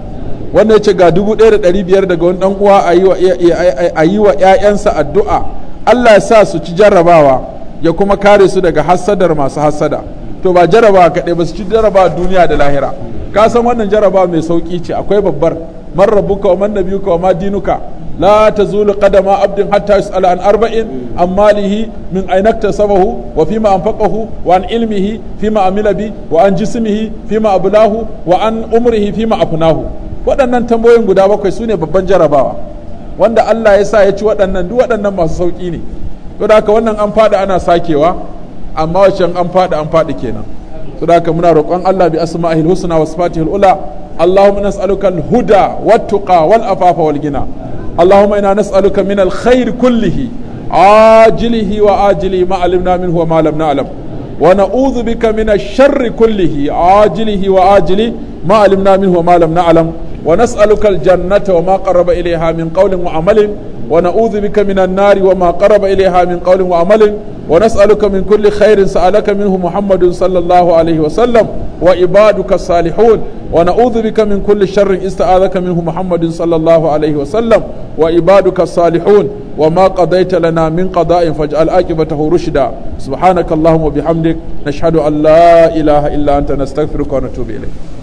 wanda ya ce ga 1500 daga wani dan uwa a yi wa ƴaƴansa addu'a Allah sa su ci jarrabawa ya kuma kare su daga hassadar masu hassada to ba jarrabawa kaɗai ba su ci jarrabawa duniya da lahira ka san wannan jarrabawa mai sauki ce akwai babbar man rabbuka wa man nabiyuka wa ma dinuka la tazulu qadama abdin hatta yus'ala an arba'in an malihi min aina iktasabahu wa fima anfaqahu wa an ilmihi fima amila bi wa an jismihi fima ablahu wa an umrihi fima afnahu waɗannan tambayoyin guda bakwai sune babban jarrabawa. wanda Allah ya sa ya ci waɗannan duk waɗannan masu sauƙi ne to da haka wannan an faɗi ana sakewa amma wancan an faɗi an faɗi kenan to da haka muna roƙon Allah bi asma'ihil husna wa sifatihil ula Allahumma nas'aluka al-huda wat tuqa wal afafa gina Allahumma inna nas'aluka min al-khair kullihi ajilihi wa ajili ma alimna minhu wa ma lam na'lam wa na'udhu bika min ash-sharri kullihi ajilihi wa wa lam ونسألك الجنة وما قرب إليها من قول وعمل ونعوذ بك من النار وما قرب إليها من قول وعمل ونسألك من كل خير سألك منه محمد صلى الله عليه وسلم وعبادك الصالحون ونعوذ بك من كل شر استعاذك منه محمد صلى الله عليه وسلم وعبادك الصالحون وما قضيت لنا من قضاء فاجعل عاقبته رشدا سبحانك اللهم وبحمدك نشهد أن لا إله إلا أنت نستغفرك ونتوب إليك